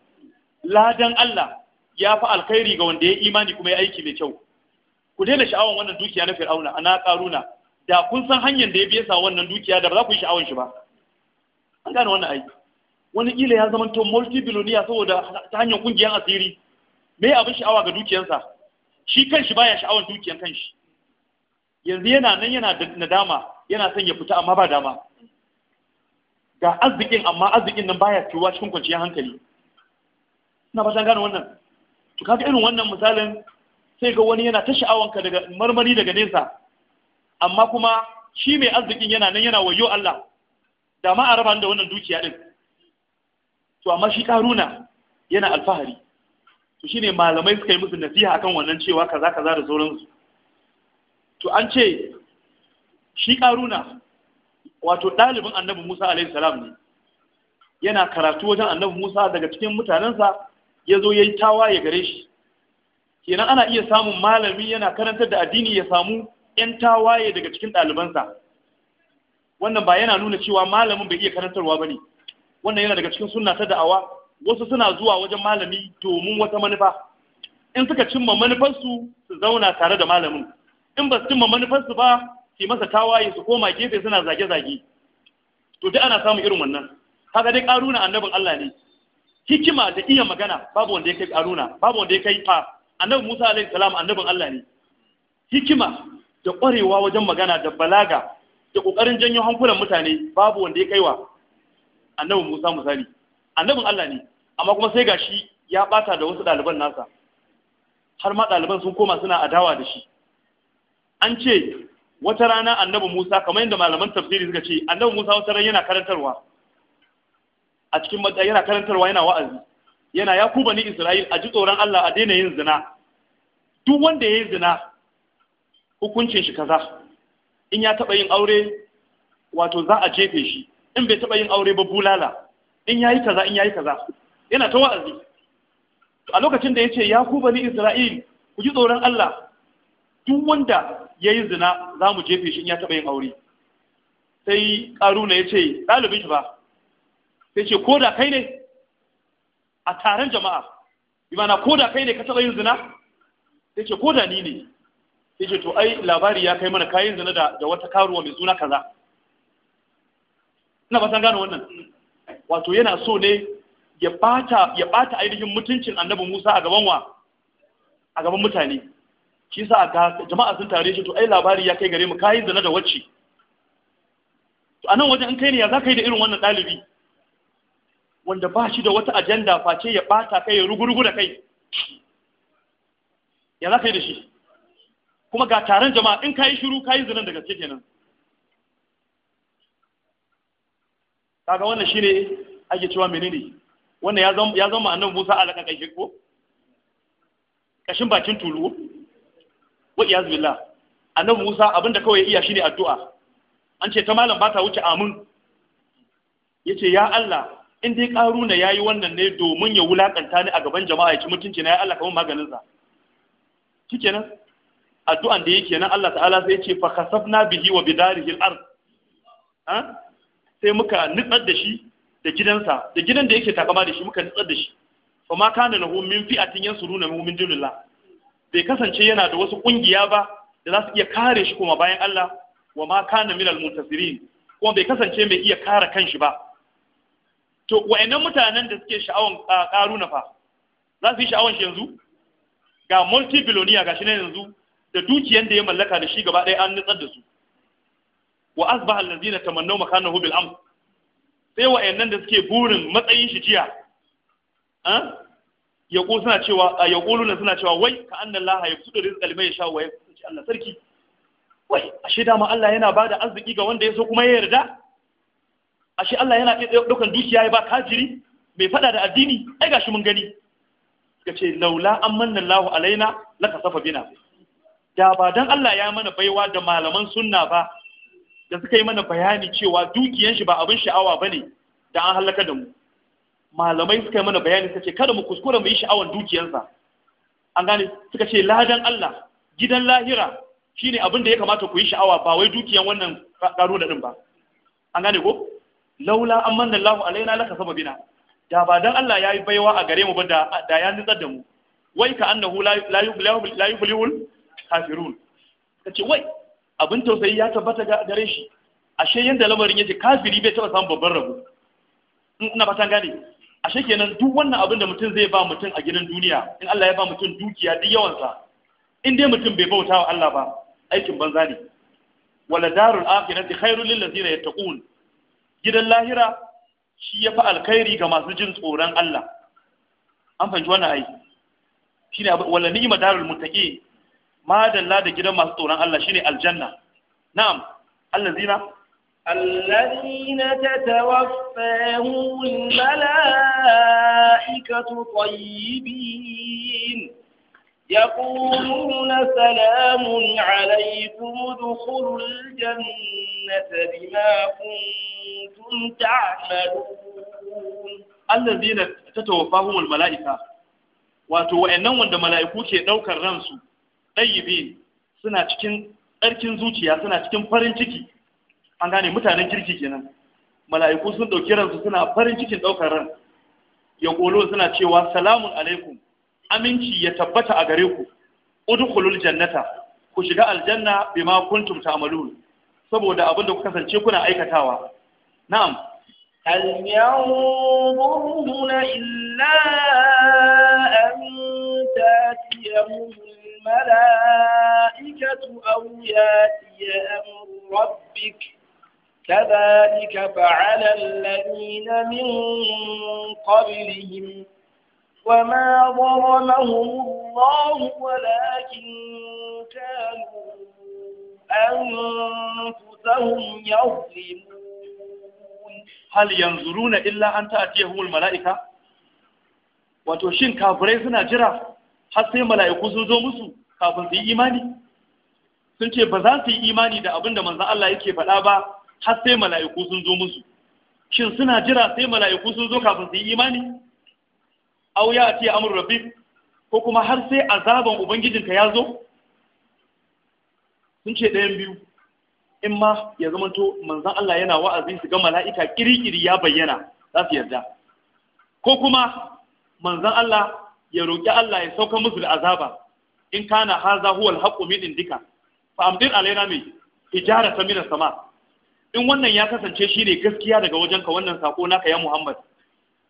ladan Allah ya fa alkhairi ga wanda ya imani kuma ya aiki mai kyau ku daina sha'awan wannan dukiya na fir'auna ana karuna da kun san hanyar da ya biya sa wannan dukiya da ba za ku yi sha'awan shi ba an gane wannan aiki wani Ila ya zama to multibiloniya saboda ta hanyar kungiyar asiri me abin sha'awa ga dukiyarsa shi kanshi baya sha'awar dukiyar kanshi yanzu yana nan yana da nadama yana son ya fita amma ba dama ga arzikin amma arzikin nan baya tuwa cikin kwanciyar hankali ina fatan gane wannan to kaga irin wannan misalin sai ga wani yana ta sha'awanka daga marmari daga nesa amma kuma shi mai arzikin yana nan yana wayo Allah da ma a raba da wannan dukiya din to amma shi karuna yana alfahari to shine malamai suka yi musu nasiha akan wannan cewa kaza kaza da sauransu to an ce shi karuna wato ɗalibin annabi Musa alaihi salam ne yana karatu wajen annabi Musa daga cikin mutanensa ya zo ya yi tawaye gare shi kenan ana iya samun malami yana karantar da addini ya samu 'yan tawaye daga cikin ɗalibansa wannan ba yana nuna cewa malamin bai iya karantarwa ba ne wannan yana daga cikin sunna ta da'awa wasu suna zuwa wajen malami domin wata manufa in suka cimma manufarsu su zauna tare da malamin in ba su cimma su ba su masa tawaye su koma gefe suna zage-zage to duk ana samun irin wannan haka dai karuna annabin Allah ne hikima da iya magana babu wanda ya kai karuna babu wanda ya kai fa annabi Musa alaihi salam annabin Allah ne hikima da ƙwarewa wajen magana da balaga da ƙoƙarin janyo hankulan mutane babu wanda ya kaiwa Annabin Musa misali annabin Allah ne amma kuma sai gashi ya bata da wasu ɗaliban nasa har ma ɗaliban sun koma suna adawa da shi an ce wata rana Annabin Musa kamar yadda malaman tafsiri suka ce Annabin Musa wata rana yana karantarwa a cikin yana karantarwa yana wa'azi yana ya kuba ni Isra'il a ji tsoron Allah a daina yin zina duk wanda ya yi zina hukuncin shi kaza in ya taba yin aure wato za a jefe shi in bai taɓa yin aure ba bulala in yayi kaza in yayi kaza yana ta wa'azi a lokacin da ya ce ya ku bani isra'il ku ji tsoron allah duk wanda ya yi zina za mu jefe shi in ya taɓa yin aure sai karuna ya ce shi ba sai ce ko da kai ne a taron jama'a imana ko da kai ne ka taɓa yin zina sai ce ko da ni ne sai ce to ai labari ya kai mana kayin zina da wata karuwa mai suna kaza ina ba san gane wannan wato yana so ne ya bata ya bata ainihin mutuncin annabi Musa a gaban wa a gaban mutane shi yasa ga jama'a sun tare shi to ai labari ya kai gare mu kai na da wacce to anan wajen in kai ne ya za ka yi da irin wannan dalibi wanda ba shi da wata ajanda face ya bata kai ya rugurugu da kai ya za ka yi da shi kuma ga taron jama'a in ka shiru kai yi zinan da gaske kenan kaga wannan shine ake cewa menene wannan ya zama ya musa a Musa alaka ko kashin bakin tulu wa iyaz billah annabi Musa abinda kawai ya iya shine addu'a an ce ta malam ba ta wuce amin yace ya Allah in dai karuna yayi wannan ne domin ya wulakanta ni a gaban jama'a ya ci mutunci na ya Allah kamar maganin sa shikenan addu'an da yake nan Allah ta'ala sai ya ce fa khasafna bihi wa bidarihi al-ard ha sai muka nutsar da shi da gidansa da gidan da yake takama da shi muka nutsar da shi fa ma kana lahu min fi'atin yansuruna min min dillah bai kasance yana da wasu kungiya ba da za su iya kare shi kuma bayan Allah wa ma kana al muntasirin kuma bai kasance mai iya kare kanshi ba to wa'annan mutanen da suke sha'awan karuna fa za su yi sha'awan shi yanzu ga multi billionaire gashi ne yanzu da dukiyan da ya mallaka da shi gaba ɗaya an nutsar da su wa asbah allazina tamannaw makanahu bil amr sai wa'annan da suke burin matsayin shi jiya ah, ya suna cewa ya kuluna suna cewa wai ka annan laha ya fudu rizqa liman yasha wa yaqulu Allah sarki wai ashe dama Allah yana bada arziki ga wanda ya so kuma ya yarda ashe Allah yana iya daukan dukiya ya ba kajiri mai fada da addini ai gashi mun gani suka ce laula an manna Allahu alaina laka safa bina da ba dan Allah ya mana baiwa da malaman sunna ba da suka yi mana bayani cewa dukiyan shi ba abin sha'awa bane da an halaka da mu malamai suka yi mana bayani suka ce kada mu kuskura mu yi sha'awan dukiyansa an gane suka ce ladan Allah gidan lahira shine abin da ya kamata ku yi sha'awa ba wai dukiyan wannan karo da din ba an gane ko laula an manna Allah alaina laka sababina da ba dan Allah yayi baiwa a gare mu ba da da ya nitsar da mu wai ka annahu la yublihul kafirun kace wai abin tausayi ya tabbata gare shi ashe yadda lamarin yake kafiri bai taba samun babban rabo ina fatan gane ashe kenan duk wannan abin da mutum zai ba mutum a gidan duniya in Allah ya ba mutum dukiya duk yawansa in dai mutum bai bauta wa Allah ba aikin banza ne wala darul akhirati khairul lil ladina yattaqun gidan lahira shi yafi alkhairi ga masu jin tsoron Allah an fahimci wannan ai shine wala ni'ma darul muttaqin madalla da gidan masu tsoron Allah shine aljanna na'am allazina الذين تتوفاهم الملائكة طيبين يقولون سلام عليكم ادخلوا الجنة بما كنتم تعملون الذين تتوفاهم الملائكة wato wa'annan wanda mala'iku ke ɗaukar ransu ɗayyibi suna cikin tsarkin zuciya suna cikin farin ciki an gane mutanen kirki kenan mala'iku sun ɗauki ransu suna farin cikin ɗaukar ran ya ƙolo suna cewa salamun alaikum aminci ya tabbata a gare ku udkhulul jannata ku shiga aljanna bima kuntum ta'malun saboda abin da ku kasance kuna aikatawa na'am hal yanzuruna illa an tatiyamu الملائكة أو ياتي أمر ربك كذلك فعل الذين من قبلهم وما ظلمهم الله ولكن كانوا أنفسهم يظلمون هل ينظرون إلا أن تأتيهم الملائكة وتشين كافرين جرا جرافة har sai mala'iku sun zo musu kafin su yi imani sun ce ba za su yi imani da abin da manzon Allah yake faɗa ba har sai mala'iku sun zo musu shin suna jira sai mala'iku sun zo kafin su yi imani aw ya ce amru rabbi ko kuma har sai azaban ubangijinka ya zo sun ce ɗayan biyu in ma ya zamanto manzon Allah yana wa'azi su ga mala'ika kirikiri ya bayyana za su yarda ko kuma manzon Allah ya roƙi Allah ya sauka musu da azaba in kana haza huwal haqqu min indika fa amdir alaina mai ijara ta mina sama in wannan ya kasance shine gaskiya daga wajenka wannan sako naka ya Muhammad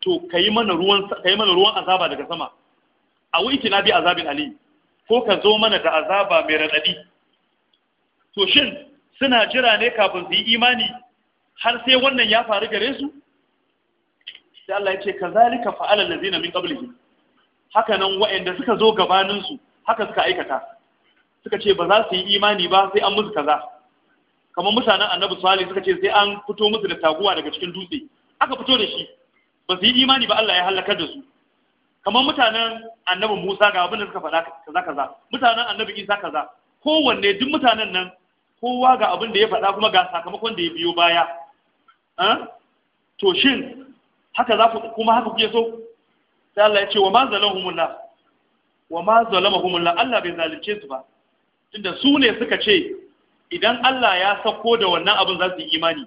to kai mana ruwan kai mana ruwan azaba daga sama a wuce na bi azabin ali ko ka zo mana da azaba mai radadi to shin suna jira ne kafin su yi imani har sai wannan ya faru gare su sai Allah ya ce kazalika fa'ala allazina min qablihim haka nan wa'anda suka zo gabaninsu haka suka aikata suka ce ba za su yi imani ba sai an musu kaza kamar mutanen annabi salih suka ce sai an fito musu da taguwa daga cikin dutse aka fito da shi ba su yi imani ba Allah ya halaka da su kamar mutanen annabi Musa ga abin da suka faɗa kaza kaza mutanen annabi Isa kaza kowanne duk mutanen nan kowa ga abin da ya faɗa kuma ga sakamakon da ya biyo baya to shin haka za ku kuma haka kuke so sai Allah ya ce wa ma zalahumullah wa ma zalamahumullah Allah bai zalunce su ba tunda su ne suka ce idan Allah ya sako da wannan abun za su yi imani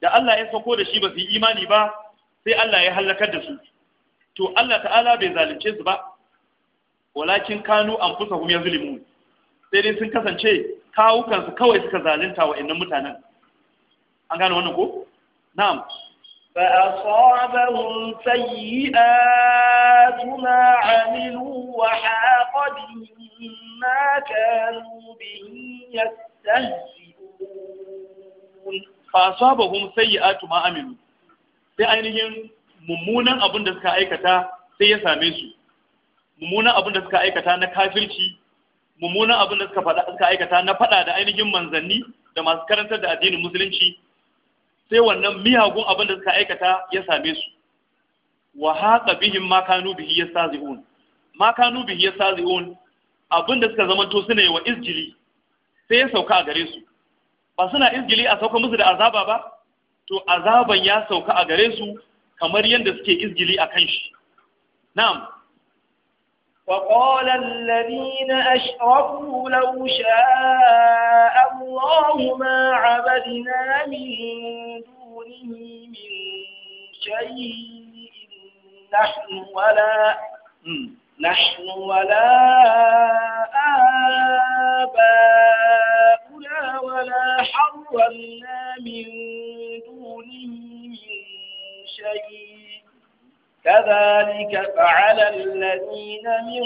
da Allah ya sako da shi ba su yi imani ba sai Allah ya halakar da su to Allah ta'ala bai zalunce su ba walakin kanu an hum yazlimu sai dai sun kasance kawukansu kawai suka zalunta wa innan mutanen an gane wannan ko na'am فأصابهم سيئات ما عملوا وحاق بهم ما كانوا به يستهزئون فأصابهم سيئات ما عملوا sai ainihin mummunan abin da suka aikata sai ya same su mummunan abin da suka aikata na kafirci mummunan abin da suka aikata na faɗa da ainihin manzanni da masu karantar da addinin musulunci sai wannan miyagun abin da suka aikata ya same su wa haqa bihin makanu bihi ya sa zihun makanu bihi zihun abin da suka zamanto suna yi wa izgili sai ya sauka a gare su ba suna izgili a sauka musu da azaba ba to azaban ya sauka a gare su kamar yadda suke izgili a kan shi na'am وقال الذين أشرفوا لو شاء الله ما عبدنا من دونه من شيء نحن ولا نحن ولا آباؤنا ولا حرمنا من دونه من شيء كذلك فعل الذين من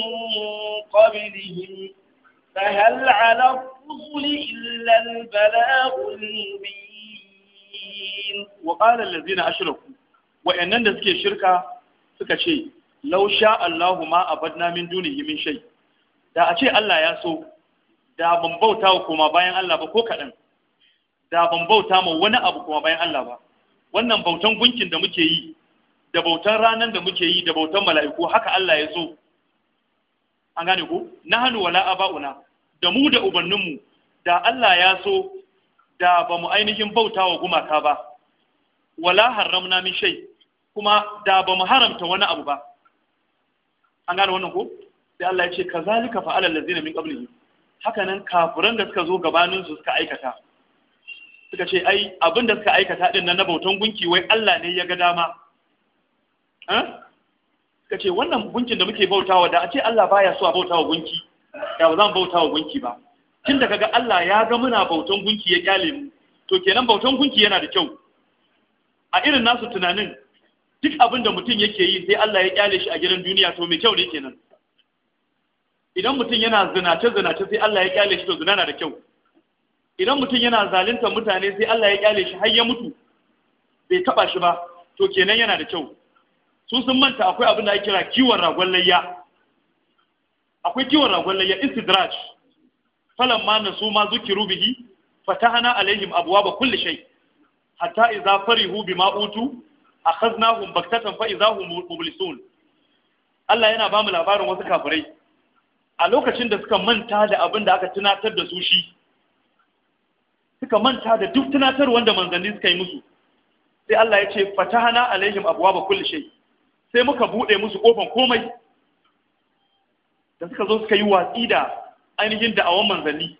قبلهم فهل على الرسل إلا البلاغ المبين وقال الذين أشركوا وإنن دسكي شركة suka ce lau Allahu ma abadna min dunihi min da a ce Allah ya so da ban bauta wa kuma bayan Allah ba ko kaɗan da ban bauta ma wani abu kuma bayan Allah ba wannan bautan gunkin da muke yi da bautan ranar da muke yi da bautan mala'iku haka Allah ya so an gane na nahnu wala aba'una da mu da ubanninmu da Allah ya so da ba mu ainihin bautawa gumaka ba wala haramna min shay kuma da ba mu haramta wani abu ba an gane wannan ku, sai Allah ya ce kazalika fa'ala allazina min qablihi haka nan kafiran da suka zo gabanin su suka aikata suka ce ai abin da suka aikata din nan na bautan gunki wai Allah ne ya ga dama ka ce wannan gunkin da muke bautawa da a ce Allah baya so a bautawa gunki da ba zan bautawa gunki ba tun da kaga Allah ya ga muna bautan gunki ya kyale mu to kenan bautan gunki yana da kyau a irin nasu tunanin duk abin da mutum yake yi sai Allah ya kyale shi a gidan duniya to mai kyau ne kenan idan mutum yana zinace zinace sai Allah ya kyale shi to zina na da kyau idan mutum yana zalunta mutane sai Allah ya kyale shi har ya mutu bai taba shi ba to kenan yana da kyau su sun manta akwai abin da ake kira kiwon ragon layya akwai kiwon ragon layya istidraj falan ma nasu ma zukiru bihi fatahana alaihim abwaba kulli shay hatta idza farihu bima utu akhaznahum baktatan fa idza hum mublisun Allah yana ba mu labarin wasu kafirai a lokacin da suka manta da abin da aka tunatar da su shi suka manta da duk tunatar wanda manzanni suka yi musu sai Allah ya ce fatahana alaihim ba kulli shay sai muka buɗe musu ƙofan komai da suka zo suka yi watsi da ainihin da'awan manzanni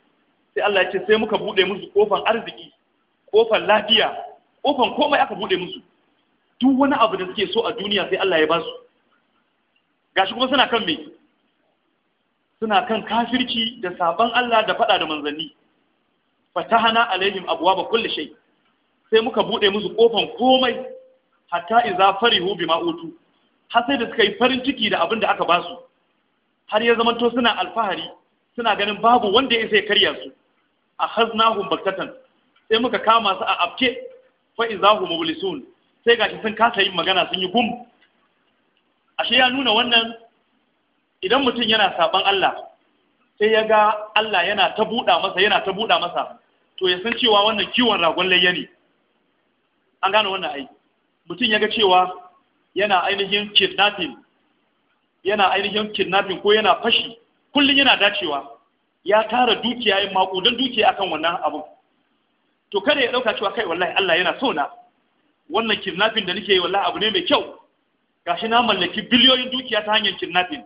sai Allah ya ce sai muka buɗe musu ƙofan arziki ƙofan lafiya ƙofan komai aka buɗe musu duk wani abu da suke so a duniya sai Allah ya ba su gashi kuma suna kan me suna kan kafirci da saban Allah da faɗa da manzanni fatahana alaihim ba kulli shay sai muka buɗe musu ƙofan komai hatta idza farihu bima utu har sai da suka yi farin ciki da abin da aka ba su har ya zamanto suna alfahari suna ganin babu wanda ya sai karya su a haznahum baktatan sai muka kama su a afke fa izahu mublisun sai gashi sun kasa yin magana sun yi gum ashe ya nuna wannan idan mutum yana saban Allah sai ya ga Allah yana ta buɗa masa yana ta buɗa masa to ya san cewa wannan kiwon ragon layya ne an gane wannan ai mutum ya ga cewa yana ainihin kidnapping yana ainihin kidnapping ko yana fashi kullum yana dacewa ya tara dukiya yin makudan dukiya akan wannan abu to kada ya dauka cewa kai wallahi Allah yana so na wannan kidnapping da nake yi wallahi abu ne mai kyau gashi na mallaki biliyoyin dukiya ta hanyar kidnapping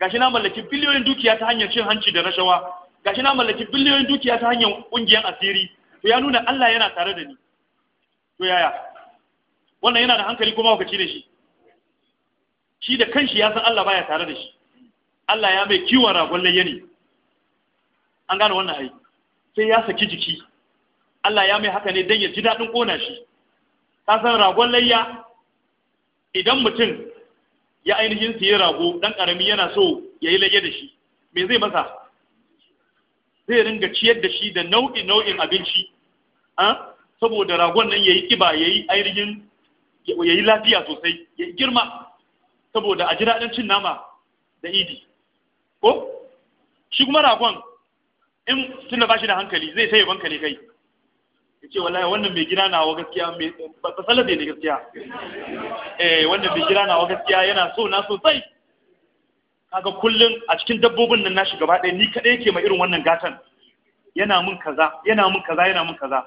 gashi na mallaki biliyoyin dukiya ta hanyar cin hanci da rashawa gashi na mallaki biliyoyin dukiya ta hanyar kungiyar asiri to ya nuna Allah yana tare da ni to yaya wannan yana da hankali kuma wakaci da shi shi da kanshi ya san Allah baya tare da shi Allah ya mai kiwon ragon layya ne an gane wannan ai sai ya saki jiki Allah ya mai haka ne don ya ji daɗin ƙona shi ka san ragon layya idan mutum ya ainihin siye rago ɗan ƙarami yana so ya yi layya da shi me zai masa zai ringa ciyar da shi da nau'in nau'in abinci ah? saboda ragon nan ya yi ƙiba ainihin ya yi lafiya sosai ya yi girma saboda a ji daɗin cin nama da idi ko shi kuma ragon in tun da bashi da hankali zai sai yabanka ne kai ya ce wallahi wannan mai gina nawa gaskiya ba salabe ne gaskiya eh wannan mai gina nawa gaskiya yana so na sosai kaga kullum a cikin dabbobin nan nashi gaba ɗaya ni kaɗai yake mai irin wannan gatan yana mun kaza yana mun kaza yana mun kaza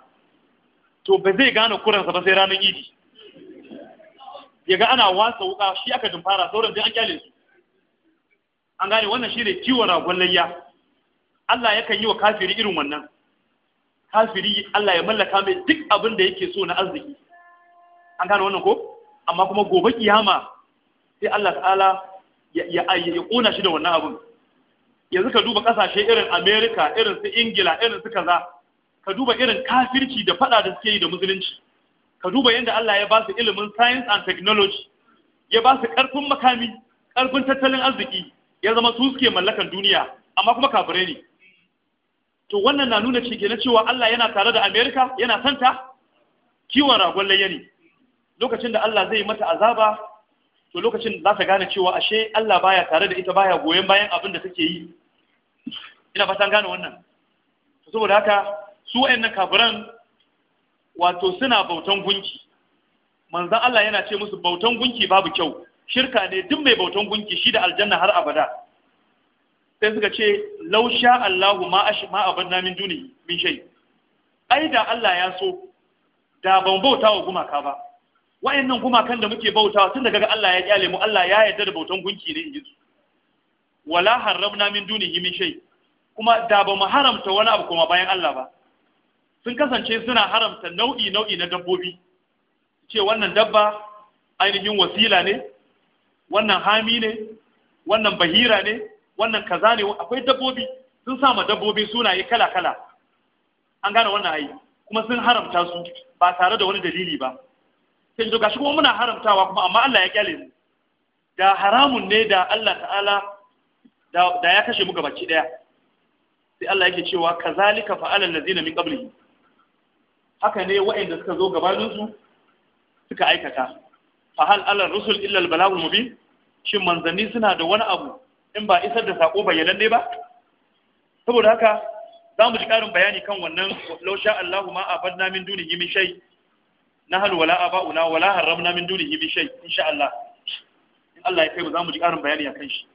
to ba zai gane kuransa ba sai ranar idi ya ga ana wasa wuka shi aka dumfara sauran dai an kyale su an gane wannan shi ne kiwon ragon layya Allah ya kan yi wa kafiri irin wannan kafiri Allah ya mallaka mai duk abin da yake so na arziki an gane wannan ko amma kuma gobe kiyama sai Allah ta'ala ya kona shi da wannan abin yanzu ka duba kasashe irin America irin su Ingila irin su kaza ka duba irin kafirci da fada da suke yi da musulunci ka duba yadda Allah ya ba su ilimin science and technology ya ba su karfin makami karfin tattalin arziki ya zama su suke mallakan duniya amma kuma kafirai ne to wannan na nuna cike na cewa Allah yana tare da America yana santa kiwon ragon layya ne lokacin da Allah zai mata azaba to lokacin za ta gane cewa ashe Allah baya tare da ita baya goyon bayan abin da take yi ina fatan gane wannan saboda haka su wayannan kafiran wato suna bautan gunki manzan Allah yana ce musu bautan gunki babu kyau shirka ne duk mai bautan gunki shi da aljanna har abada sai suka ce lausha Allahu ma ash ma abanna min duni min shai ai da Allah ya so da ban bauta wa gumaka ba nan gumakan da muke bautawa tun daga Allah ya kyale mu Allah ya yarda da bautan gunki ne inji wala haramna min dunihi min shay kuma da ba mu haramta wani abu kuma bayan Allah ba sun kasance suna haramta nau'i nau'i na dabbobi ce wannan dabba ainihin wasila ne wannan hami ne wannan bahira ne wannan kaza ne akwai dabbobi sun sama dabbobi sunaye kala kala an gane wannan ayi kuma sun haramta su ba tare da wani dalili ba sai ga gashi kuma muna haramtawa kuma amma Allah ya kyale da haramun ne da Allah ta'ala da ya kashe mu gabaki daya sai Allah yake cewa kazalika fa'ala allazina min qablihi haka ne waɗanda suka zo gabaninsu suka aikata fa hal alal rusul illa al balagul mubin shin manzanni suna da wani abu in ba isar da sako bayyananne ba saboda haka za mu ji ƙarin bayani kan wannan law sha Allahu ma abadna min dunihi min shay nahal wala aba'una wala haramna min dunihi min shay insha Allah in Allah ya kai mu za mu ji ƙarin bayani akan shi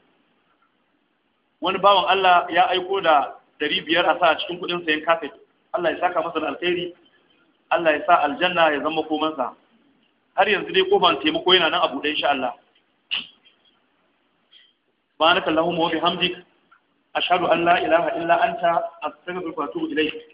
wani bawan Allah ya aiko da dari biyar a sa cikin kuɗin sayan kafet Allah ya saka masa da alkhairi Allah ya sa aljanna ya zama komansa har yanzu dai kofan taimako yana nan a buɗe insha Allah subhanaka allahumma wa bihamdik ashhadu an la ilaha illa anta astaghfiruka da atubu ilai.